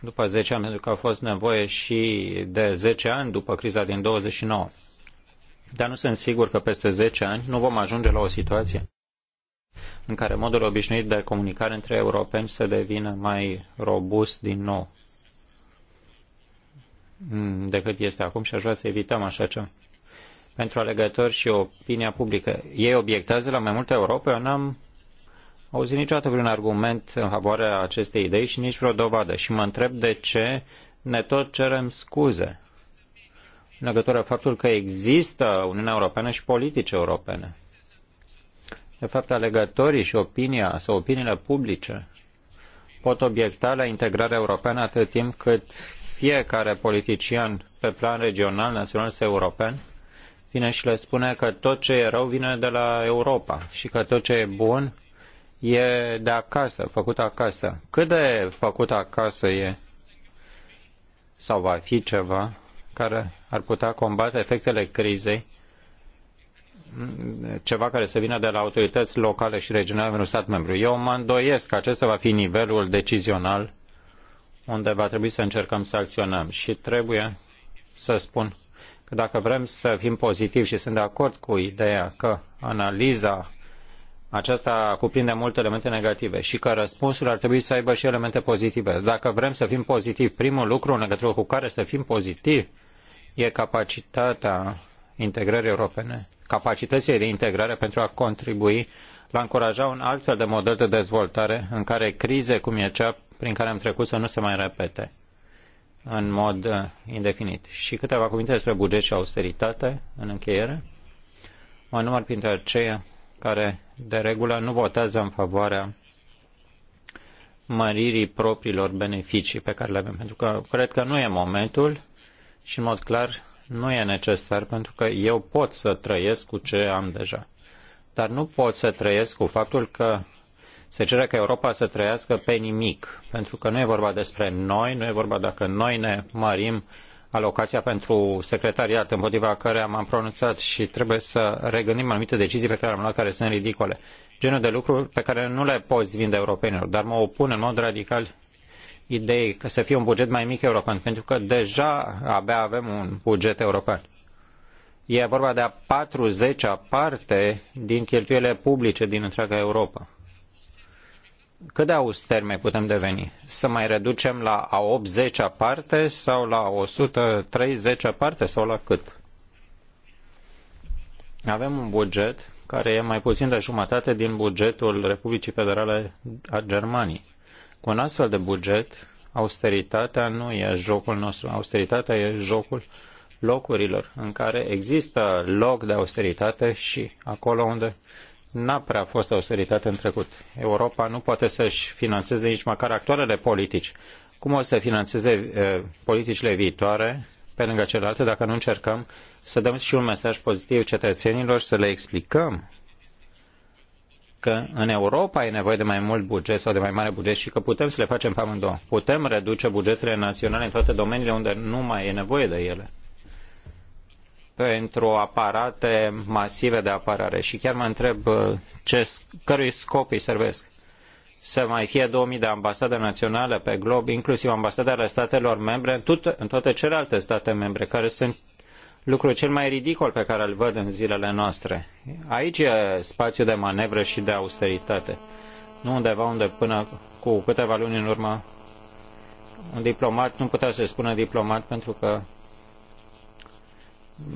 după 10 ani, pentru că a fost nevoie și de 10 ani după criza din 29, dar nu sunt sigur că peste 10 ani nu vom ajunge la o situație în care modul obișnuit de comunicare între europeni să devină mai robust din nou decât este acum și aș vrea să evităm așa ceva. Pentru alegători și opinia publică, ei obiectează la mai multă Europa, eu n-am auzit niciodată vreun argument în favoarea acestei idei și nici vreo dovadă. Și mă întreb de ce ne tot cerem scuze în legătură faptul că există Uniunea Europeană și politici europene. De fapt, alegătorii și opinia sau opiniile publice pot obiecta la integrarea europeană atât timp cât fiecare politician pe plan regional, național sau european vine și le spune că tot ce e rău vine de la Europa și că tot ce e bun e de acasă, făcut acasă. Cât de făcut acasă e sau va fi ceva care ar putea combate efectele crizei, ceva care să vină de la autorități locale și regionale în un stat membru. Eu mă îndoiesc că acesta va fi nivelul decizional unde va trebui să încercăm să acționăm și trebuie să spun că dacă vrem să fim pozitivi și sunt de acord cu ideea că analiza aceasta cuprinde multe elemente negative și că răspunsul ar trebui să aibă și elemente pozitive. Dacă vrem să fim pozitivi, primul lucru în legătură cu care să fim pozitivi e capacitatea integrării europene, capacitățile de integrare pentru a contribui la încuraja un alt fel de model de dezvoltare în care crize cum e cea prin care am trecut să nu se mai repete în mod uh, indefinit. Și câteva cuvinte despre buget și austeritate în încheiere. Mă număr printre aceia care de regulă nu votează în favoarea măririi propriilor beneficii pe care le avem, pentru că cred că nu e momentul și, în mod clar, nu e necesar pentru că eu pot să trăiesc cu ce am deja. Dar nu pot să trăiesc cu faptul că se cere ca Europa să trăiască pe nimic, pentru că nu e vorba despre noi, nu e vorba dacă noi ne mărim alocația pentru secretariat împotriva care am pronunțat și trebuie să regândim anumite decizii pe care am luat care sunt ridicole. Genul de lucruri pe care nu le poți vinde europenilor, dar mă opun în mod radical idei că să fie un buget mai mic european, pentru că deja abia avem un buget european. E vorba de a 40-a parte din cheltuielile publice din întreaga Europa. Cât de auster mai putem deveni? Să mai reducem la a 80-a parte sau la 130-a parte sau la cât? Avem un buget care e mai puțin de jumătate din bugetul Republicii Federale a Germaniei cu un astfel de buget, austeritatea nu e jocul nostru. Austeritatea e jocul locurilor în care există loc de austeritate și acolo unde n-a prea fost austeritate în trecut. Europa nu poate să-și financeze nici măcar actualele politici. Cum o să financeze e, eh, politicile viitoare pe lângă celelalte dacă nu încercăm să dăm și un mesaj pozitiv cetățenilor, să le explicăm că în Europa e nevoie de mai mult buget sau de mai mare buget și că putem să le facem pe amândouă. Putem reduce bugetele naționale în toate domeniile unde nu mai e nevoie de ele pentru aparate masive de apărare. Și chiar mă întreb uh, ce, cărui scop îi servesc. Să mai fie 2000 de ambasade naționale pe glob, inclusiv ambasadele statelor membre, în, tot, în toate celelalte state membre, care sunt lucru cel mai ridicol pe care îl văd în zilele noastre. Aici e spațiu de manevră și de austeritate. Nu undeva unde până cu câteva luni în urmă un diplomat nu putea să spună diplomat pentru că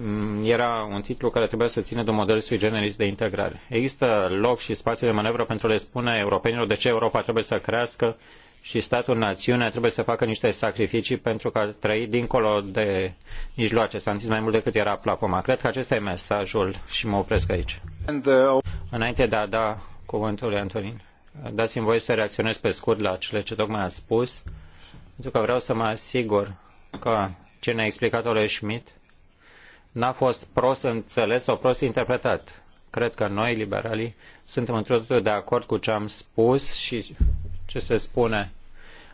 mm, era un titlu care trebuia să țină de un model sui generis de integrare. Există loc și spațiu de manevră pentru a le spune europenilor de ce Europa trebuie să crească și statul națiune trebuie să facă niște sacrificii pentru că a trăi dincolo de mijloace. S-a zis mai mult decât era plapuma. Cred că acesta e mesajul și mă opresc aici. Înainte de a da cuvântul lui Antonin, dați-mi voie să reacționez pe scurt la cele ce tocmai a spus, pentru că vreau să mă asigur că ce ne-a explicat Ole Schmidt n-a fost prost înțeles sau prost interpretat. Cred că noi, liberalii, suntem într totul de acord cu ce am spus și ce se spune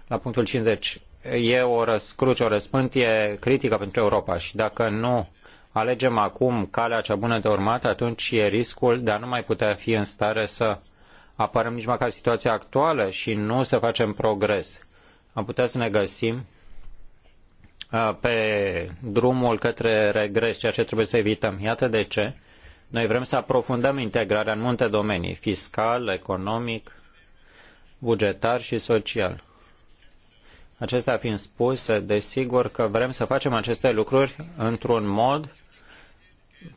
la punctul 50. E o răscruce, o răspântie critică pentru Europa și dacă nu alegem acum calea cea bună de urmat, atunci e riscul de a nu mai putea fi în stare să apărăm nici măcar situația actuală și nu să facem progres. Am putea să ne găsim pe drumul către regres, ceea ce trebuie să evităm. Iată de ce. Noi vrem să aprofundăm integrarea în multe domenii, fiscal, economic, bugetar și social. Acestea fiind spuse, desigur că vrem să facem aceste lucruri într-un mod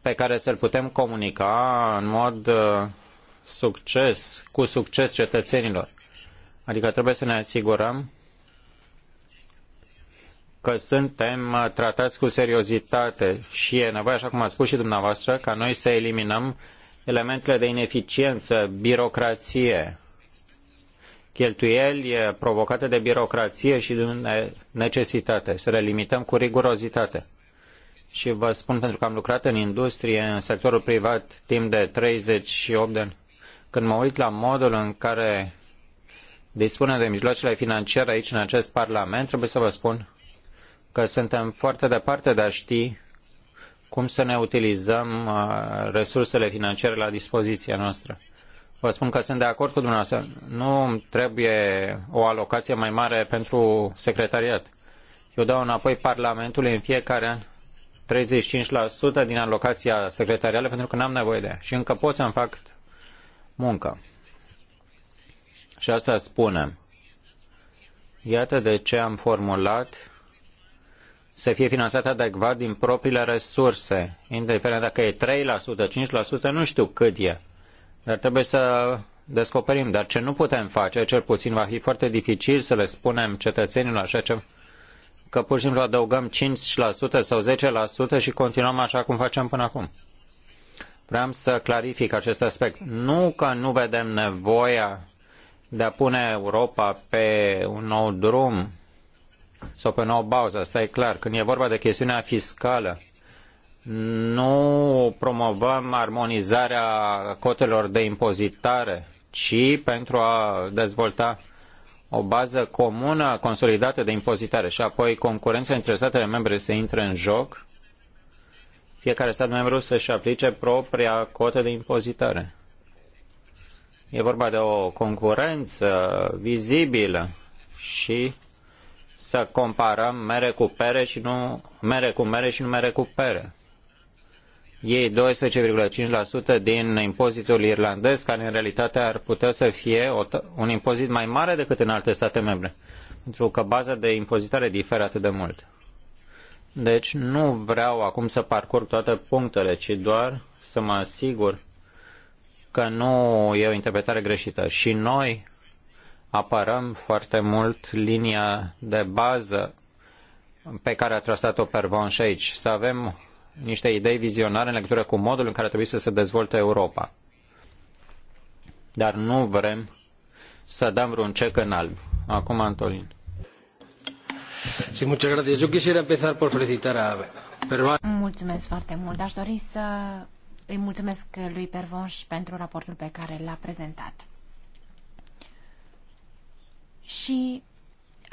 pe care să-l putem comunica în mod uh, succes, cu succes cetățenilor. Adică trebuie să ne asigurăm că suntem uh, tratați cu seriozitate și e nevoie, așa cum a spus și dumneavoastră, ca noi să eliminăm elementele de ineficiență, birocrație, cheltuieli provocate de birocrație și de necesitate, să le limităm cu rigurozitate. Și vă spun pentru că am lucrat în industrie, în sectorul privat, timp de 38 de ani. Când mă uit la modul în care dispune de mijloacele financiare aici, în acest Parlament, trebuie să vă spun că suntem foarte departe de a ști cum să ne utilizăm uh, resursele financiare la dispoziția noastră vă spun că sunt de acord cu dumneavoastră. Nu trebuie o alocație mai mare pentru secretariat. Eu dau înapoi Parlamentului în fiecare an 35% din alocația secretarială pentru că n-am nevoie de ea și încă pot să-mi fac muncă. Și asta spunem. Iată de ce am formulat să fie finanțat adecvat din propriile resurse, indiferent dacă e 3%, 5%, nu știu cât e. Dar trebuie să descoperim. Dar ce nu putem face, cel puțin va fi foarte dificil să le spunem cetățenilor așa ceva, că pur și simplu adăugăm 5% sau 10% și continuăm așa cum facem până acum. Vreau să clarific acest aspect. Nu că nu vedem nevoia de a pune Europa pe un nou drum sau pe o nouă bază, asta e clar. Când e vorba de chestiunea fiscală, nu promovăm armonizarea cotelor de impozitare, ci pentru a dezvolta o bază comună consolidată de impozitare și apoi concurența între statele membre să intre în joc, fiecare stat membru să-și aplice propria cotă de impozitare. E vorba de o concurență vizibilă și să comparăm mere cu pere și nu mere cu mere și nu mere cu pere ei 12,5% din impozitul irlandez, care în realitate ar putea să fie un impozit mai mare decât în alte state membre, pentru că baza de impozitare diferă atât de mult. Deci nu vreau acum să parcurg toate punctele, ci doar să mă asigur că nu e o interpretare greșită. Și noi apărăm foarte mult linia de bază pe care a trasat-o Pervon și aici, să avem niște idei vizionare în legătură cu modul în care trebuie să se dezvolte Europa. Dar nu vrem să dăm vreun cec în alb. Acum, Antolin. Sí, muchas gracias. Yo quisiera empezar por felicitar a Mulțumesc foarte mult. Aș dori să îi mulțumesc lui Pervonș pentru raportul pe care l-a prezentat. Și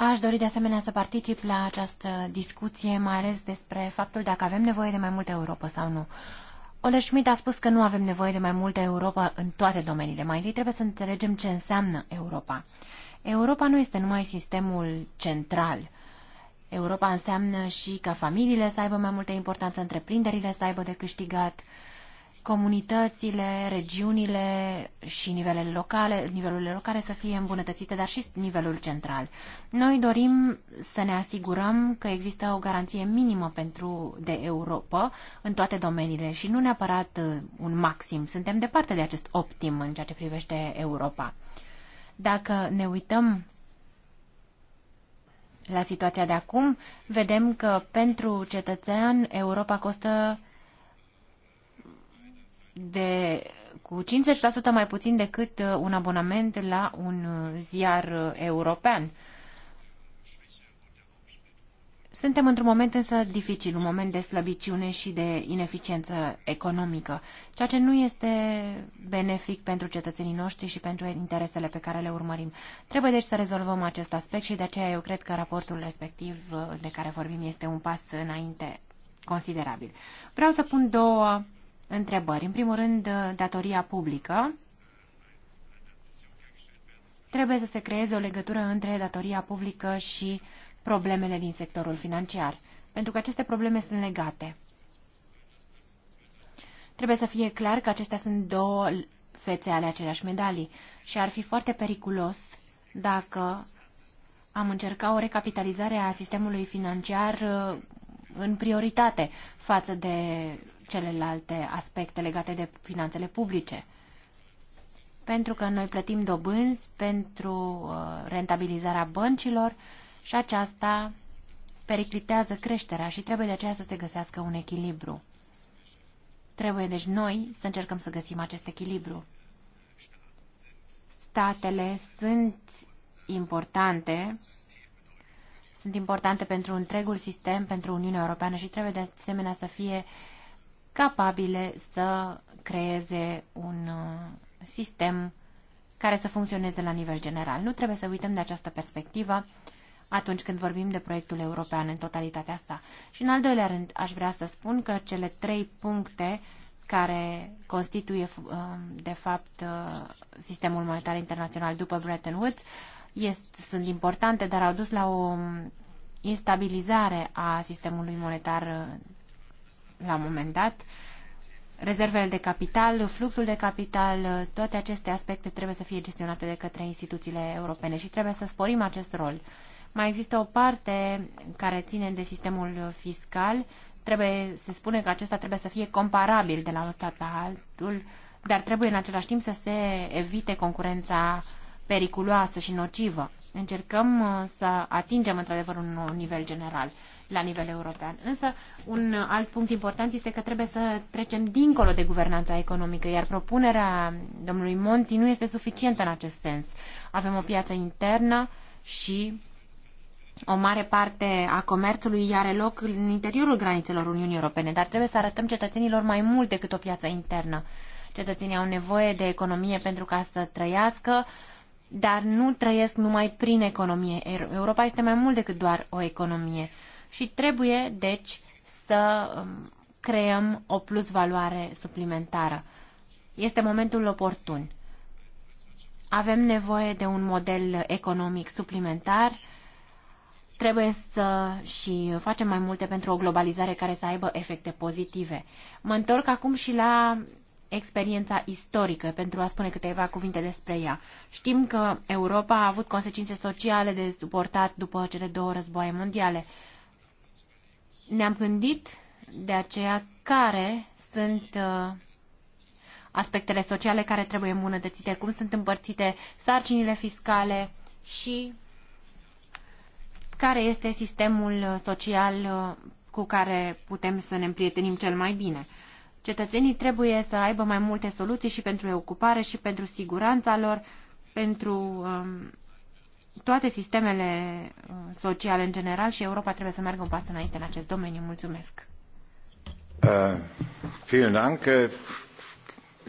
Aș dori de asemenea să particip la această discuție, mai ales despre faptul dacă avem nevoie de mai multă Europa sau nu. Ole Schmidt a spus că nu avem nevoie de mai multă Europa în toate domeniile. Mai întâi trebuie să înțelegem ce înseamnă Europa. Europa nu este numai sistemul central. Europa înseamnă și ca familiile să aibă mai multă importanță, întreprinderile să aibă de câștigat, uh, comunitățile, regiunile și nivelele locale, nivelurile locale să fie îmbunătățite, dar și nivelul central. Noi dorim să ne asigurăm că există o garanție minimă pentru de Europa în toate domeniile și nu neapărat uh, un maxim. Suntem departe de acest optim în ceea ce privește Europa. Dacă ne uităm la situația de acum, vedem că pentru cetățean Europa costă de cu 50% mai puțin decât uh, un abonament la un uh, ziar uh, european. Suntem într-un moment însă dificil, un moment de slăbiciune și de ineficiență economică, ceea ce nu este benefic pentru cetățenii noștri și pentru interesele pe care le urmărim. Trebuie deci să rezolvăm acest aspect și de aceea eu cred că raportul respectiv de care vorbim este un pas înainte considerabil. Vreau să pun două întrebări. În primul rând, uh, datoria publică. Trebuie să se creeze o legătură între datoria publică și problemele din sectorul financiar, pentru că aceste probleme sunt legate. Trebuie să fie clar că acestea sunt două fețe ale aceleași medalii și ar fi foarte periculos dacă am încercat o recapitalizare a sistemului financiar uh, în prioritate față de celelalte aspecte legate de finanțele publice. Pentru că noi plătim dobânzi pentru uh, rentabilizarea băncilor și aceasta periclitează creșterea și trebuie de aceea să se găsească un echilibru. Trebuie deci noi să încercăm să găsim acest echilibru. Statele sunt importante sunt importante pentru întregul sistem, pentru Uniunea Europeană și trebuie de asemenea să fie capabile să creeze un uh, sistem care să funcționeze la nivel general. Nu trebuie să uităm de această perspectivă atunci când vorbim de proiectul european în totalitatea sa. Și în al doilea rând, aș vrea să spun că cele trei puncte care constituie, uh, de fapt, uh, sistemul monetar internațional după Bretton Woods este, sunt importante, dar au dus la o instabilizare a sistemului monetar uh, la un moment dat. Rezervele de capital, fluxul de capital, uh, toate aceste aspecte trebuie să fie gestionate de către instituțiile europene și trebuie să sporim acest rol. Mai există o parte care ține de sistemul uh, fiscal. Trebuie, se spune că acesta trebuie să fie comparabil de la un stat la altul, dar trebuie în același timp să se evite concurența periculoasă și nocivă. Încercăm uh, să atingem într-adevăr un nivel general la nivel european. Însă, un alt punct important este că trebuie să trecem dincolo de guvernanța economică, iar propunerea domnului Monti nu este suficientă în acest sens. Avem o piață internă și o mare parte a comerțului are loc în interiorul granițelor Uniunii Europene, dar trebuie să arătăm cetățenilor mai mult decât o piață internă. Cetățenii au nevoie de economie pentru ca să trăiască, dar nu trăiesc numai prin economie. Er, Europa este mai mult decât doar o economie și trebuie, deci, să um, creăm o plusvaloare suplimentară. Este momentul oportun. Avem nevoie de un model economic suplimentar. Trebuie să și facem mai multe pentru o globalizare care să aibă efecte pozitive. Mă întorc acum și la experiența istorică pentru a spune câteva cuvinte despre ea. Știm că Europa a avut consecințe sociale de suportat după cele două războaie mondiale. Ne-am gândit de aceea care sunt uh, aspectele sociale care trebuie îmbunătățite, cum sunt împărțite sarcinile fiscale și care este sistemul social uh, cu care putem să ne împrietenim cel mai bine. Cetățenii trebuie să aibă mai multe soluții și pentru ocupare și pentru siguranța lor, pentru um, toate sistemele uh, sociale în general și Europa trebuie să meargă un pas înainte în acest domeniu. Mulțumesc! Uh, vielen Dank.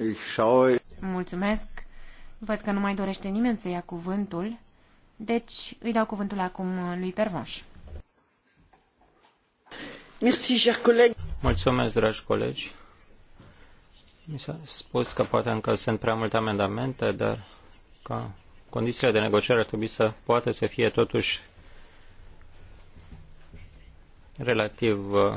Ich schaue... Mulțumesc! Văd că nu mai dorește nimeni să ia cuvântul, deci îi dau cuvântul acum lui Pervonș. Mulțumesc, dragi colegi! Mi s-a spus că poate încă sunt prea multe amendamente, dar ca condițiile de negociere ar trebui să poate să fie totuși relativ uh,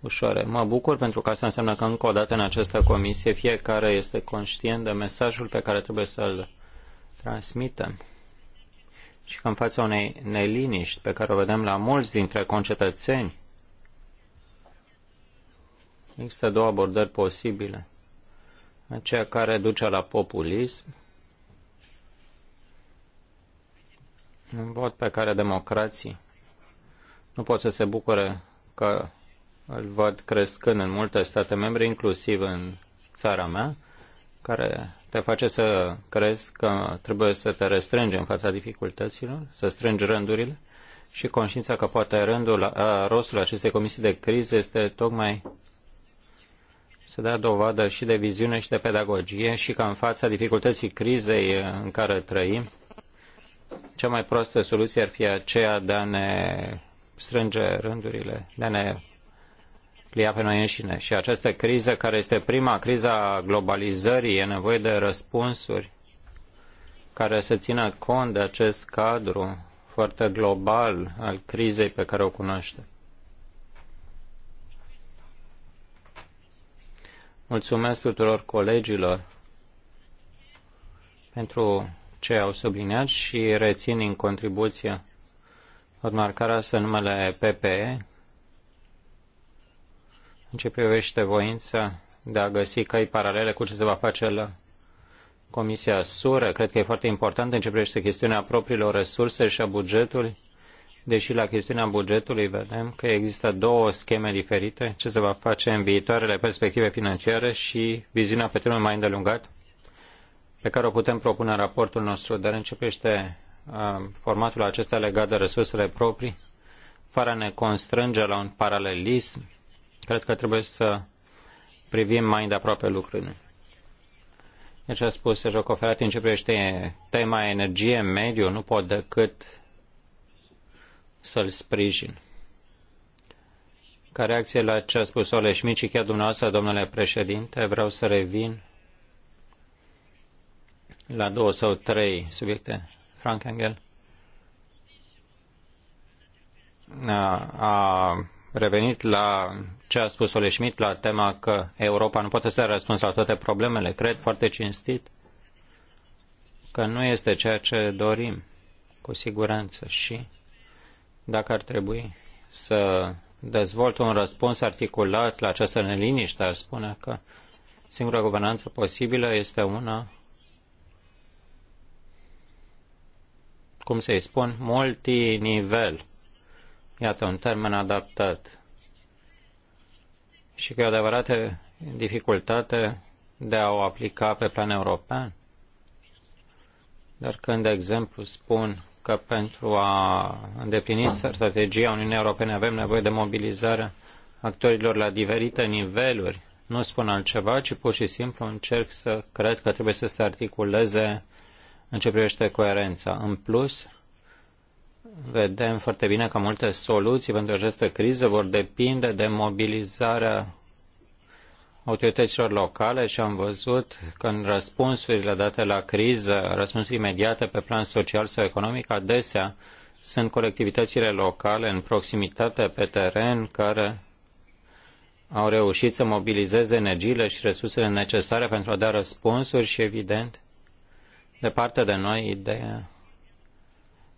ușoare. Mă bucur pentru că asta înseamnă că încă o dată în această comisie fiecare este conștient de mesajul pe care trebuie să-l transmită și că în fața unei neliniști pe care o vedem la mulți dintre concetățeni Există două abordări posibile. Aceea care duce la populism, un vot pe care democrații nu pot să se bucure că îl văd crescând în multe state membre, inclusiv în țara mea, care te face să crezi că trebuie să te restrângi în fața dificultăților, să strângi rândurile și conștiința că poate rândul, a, rostul acestei comisii de criză este tocmai să dea dovadă și de viziune și de pedagogie și că în fața dificultății crizei în care trăim, cea mai proastă soluție ar fi aceea de a ne strânge rândurile, de a ne plia pe noi înșine. Și această criză, care este prima criza globalizării, e nevoie de răspunsuri care să țină cont de acest cadru foarte global al crizei pe care o cunoaștem. Mulțumesc tuturor colegilor pentru ce au subliniat și rețin în contribuție odmarcarea să numele PPE în ce privește voința de a găsi căi paralele cu ce se va face la Comisia SURE. Cred că e foarte important în ce privește chestiunea propriilor resurse și a bugetului deși la chestiunea bugetului vedem că există două scheme diferite, ce se va face în viitoarele perspective financiare și viziunea pe termen mai îndelungat, pe care o putem propune în raportul nostru, dar începește uh, formatul acesta legat de resursele proprii, fără a ne constrânge la un paralelism, cred că trebuie să privim mai îndeaproape lucrurile. Deci a spus Sergio Ferati în ce privește tema energie, mediu, nu pot decât să-l sprijin. Ca reacție la ce a spus Oleș Mici, chiar dumneavoastră, domnule președinte, vreau să revin la două sau trei subiecte. Frank Engel a, a revenit la ce a spus Oleș Schmidt, la tema că Europa nu poate să răspuns la toate problemele. Cred foarte cinstit că nu este ceea ce dorim, cu siguranță. Și dacă ar trebui să dezvolt un răspuns articulat la această neliniște, ar spune că singura guvernanță posibilă este una, cum să-i spun, multinivel. Iată, un termen adaptat. Și că e o adevărată dificultate de a o aplica pe plan european. Dar când, de exemplu, spun că pentru a îndeplini strategia Uniunii Europene avem nevoie de mobilizarea actorilor la diferite niveluri. Nu spun altceva, ci pur și simplu încerc să cred că trebuie să se articuleze în ce privește coerența. În plus, vedem foarte bine că multe soluții pentru această criză vor depinde de mobilizarea autorităților locale și am văzut că în răspunsurile date la criză, răspunsuri imediate pe plan social sau economic, adesea sunt colectivitățile locale în proximitate pe teren care au reușit să mobilizeze energiile și resursele necesare pentru a da răspunsuri și, evident, departe de noi ideea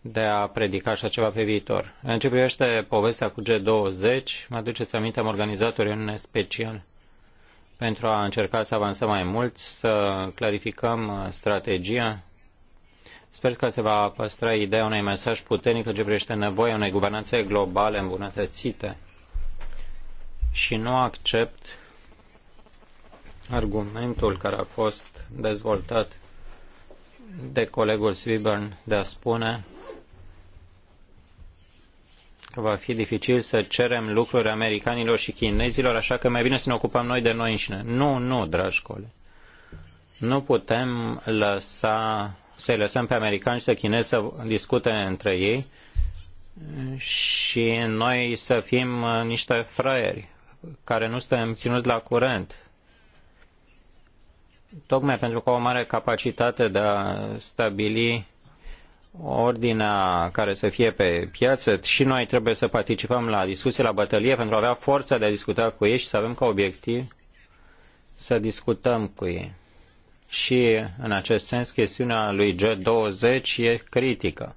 de a predica așa ceva pe viitor. În ce privește povestea cu G20, mă aduceți aminte, am organizat o reuniune specială pentru a încerca să avansăm mai mult, să clarificăm uh, strategia. Sper că se va păstra ideea unui mesaj puternic ce privește nevoia unei guvernanțe globale îmbunătățite și nu accept argumentul care a fost dezvoltat de colegul Swiburn de a spune va fi dificil să cerem lucruri americanilor și chinezilor, așa că mai bine să ne ocupăm noi de noi înșine. Nu, nu, dragi colegi. Nu putem lăsa, să-i lăsăm pe americani și să chinezi să discute între ei și noi să fim niște fraieri care nu suntem ținuți la curent. Tocmai pentru că au o mare capacitate de a stabili ordinea care să fie pe piață și noi trebuie să participăm la discuții, la bătălie pentru a avea forța de a discuta cu ei și să avem ca obiectiv să discutăm cu ei. Și în acest sens chestiunea lui G20 e critică.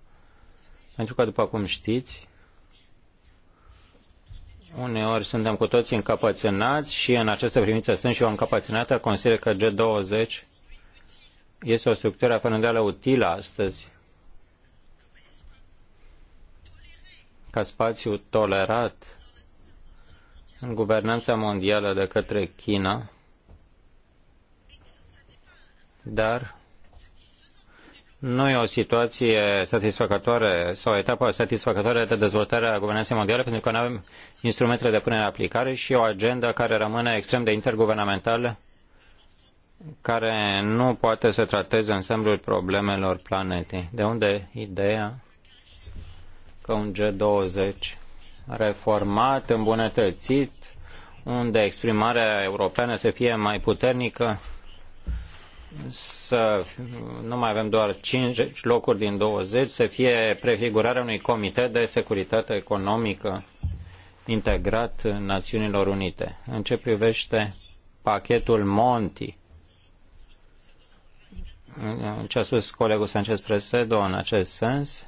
Pentru că, după cum știți, uneori suntem cu toții încapățânați și în această privință sunt și eu încapățânată, consider că G20 este o structură fără îndoială utilă astăzi ca spațiu tolerat în guvernanța mondială de către China, dar nu e o situație satisfăcătoare sau o etapă satisfăcătoare de dezvoltare a guvernanței mondiale pentru că nu avem instrumentele de punere în aplicare și o agendă care rămâne extrem de interguvernamentală care nu poate să trateze ansamblul problemelor planetei. De unde ideea că un G20 reformat, îmbunătățit, unde exprimarea europeană să fie mai puternică, să nu mai avem doar 5 locuri din 20, să fie prefigurarea unui comitet de securitate economică integrat în Națiunilor Unite. În ce privește pachetul Monti, ce a spus colegul Sanchez Presedo în acest sens,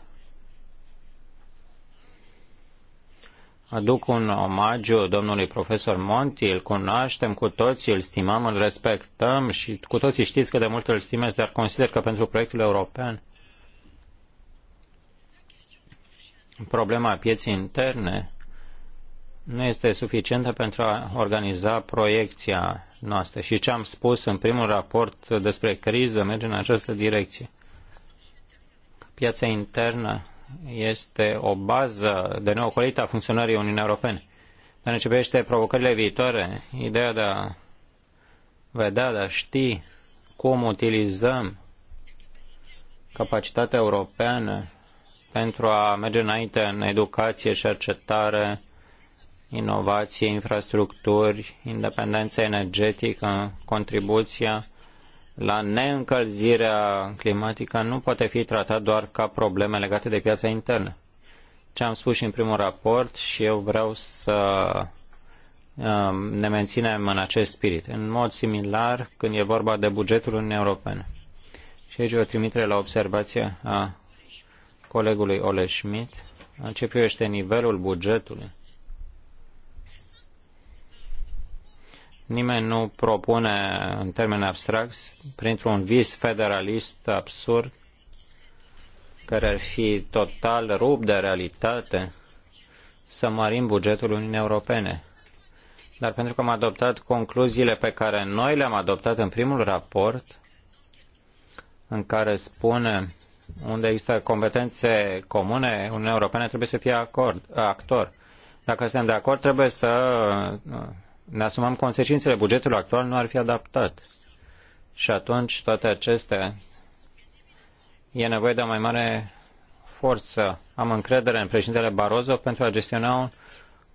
aduc un omagiu domnului profesor Monti, îl cunoaștem cu toții, îl stimăm, îl respectăm și cu toții știți că de mult îl stimez, dar consider că pentru proiectul european problema pieții interne nu este suficientă pentru a organiza proiecția noastră. Și ce am spus în primul raport despre criză merge în această direcție. Piața internă este o bază de neocolită a funcționării Uniunii Europene. Dar în ce privește provocările viitoare, ideea de a vedea, de a ști cum utilizăm capacitatea europeană pentru a merge înainte în educație, cercetare, inovație, infrastructuri, independență energetică, contribuția la neîncălzirea climatică nu poate fi tratat doar ca probleme legate de piața internă. Ce am spus și în primul raport și eu vreau să um, ne menținem în acest spirit. În mod similar, când e vorba de bugetul Uniunii Europene. Și aici o trimitere la observație a colegului Ole Schmidt în ce privește nivelul bugetului Nimeni nu propune, în termeni abstracți, printr-un vis federalist absurd, care ar fi total rupt de realitate, să mărim bugetul Uniunii Europene. Dar pentru că am adoptat concluziile pe care noi le-am adoptat în primul raport, în care spune unde există competențe comune, Uniunea Europeană trebuie să fie acord, actor. Dacă suntem de acord, trebuie să ne asumăm consecințele bugetului actual, nu ar fi adaptat. Și atunci toate acestea e nevoie de o mai mare forță. Am încredere în președintele Barroso pentru a gestiona un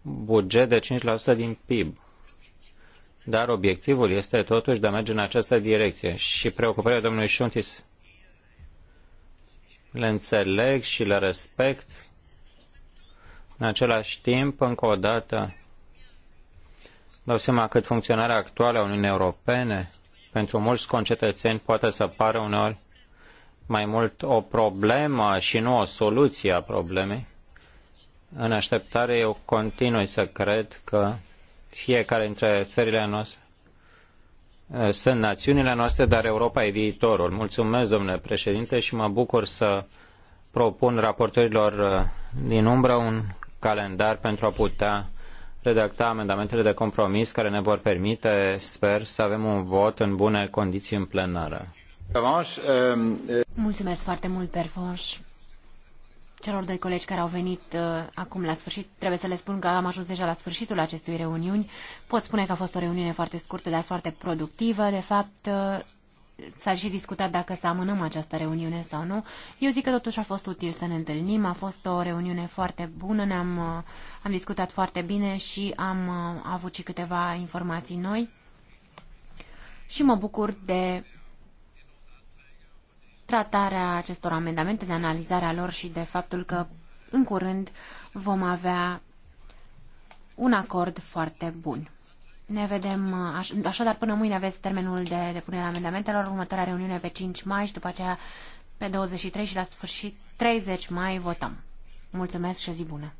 buget de 5% din PIB. Dar obiectivul este totuși de a merge în această direcție și preocuparea domnului Șuntis le înțeleg și le respect. În același timp, încă o dată, Dau seama cât funcționarea actuală a Uniunii Europene pentru mulți concetățeni poate să pară uneori mai mult o problemă și nu o soluție a problemei. În așteptare, eu continui să cred că fiecare dintre țările noastre eh, sunt națiunile noastre, dar Europa e viitorul. Mulțumesc, domnule președinte, și mă bucur să propun raportorilor eh, din umbră un calendar pentru a putea redacta amendamentele de compromis care ne vor permite, sper, să avem un vot în bune condiții în plenară. Ehm, Mulțumesc foarte mult, Perfoș. Celor doi colegi care au venit uh, acum la sfârșit, trebuie să le spun că am ajuns deja la sfârșitul acestui reuniuni. Pot spune că a fost o reuniune foarte scurtă, dar foarte productivă. De fapt, uh, s-a și discutat dacă să amânăm această reuniune sau nu. Eu zic că totuși a fost util să ne întâlnim, a fost o reuniune foarte bună, ne-am uh, am discutat foarte bine și am uh, avut și câteva informații noi. Și mă bucur de tratarea acestor amendamente, de analizarea lor și de faptul că în curând vom avea un acord foarte bun. Ne vedem, uh, așadar până mâine aveți termenul de depunere a amendamentelor, următoarea reuniune pe 5 mai și după aceea pe 23 și la sfârșit 30 mai votăm. Mulțumesc și o zi bună!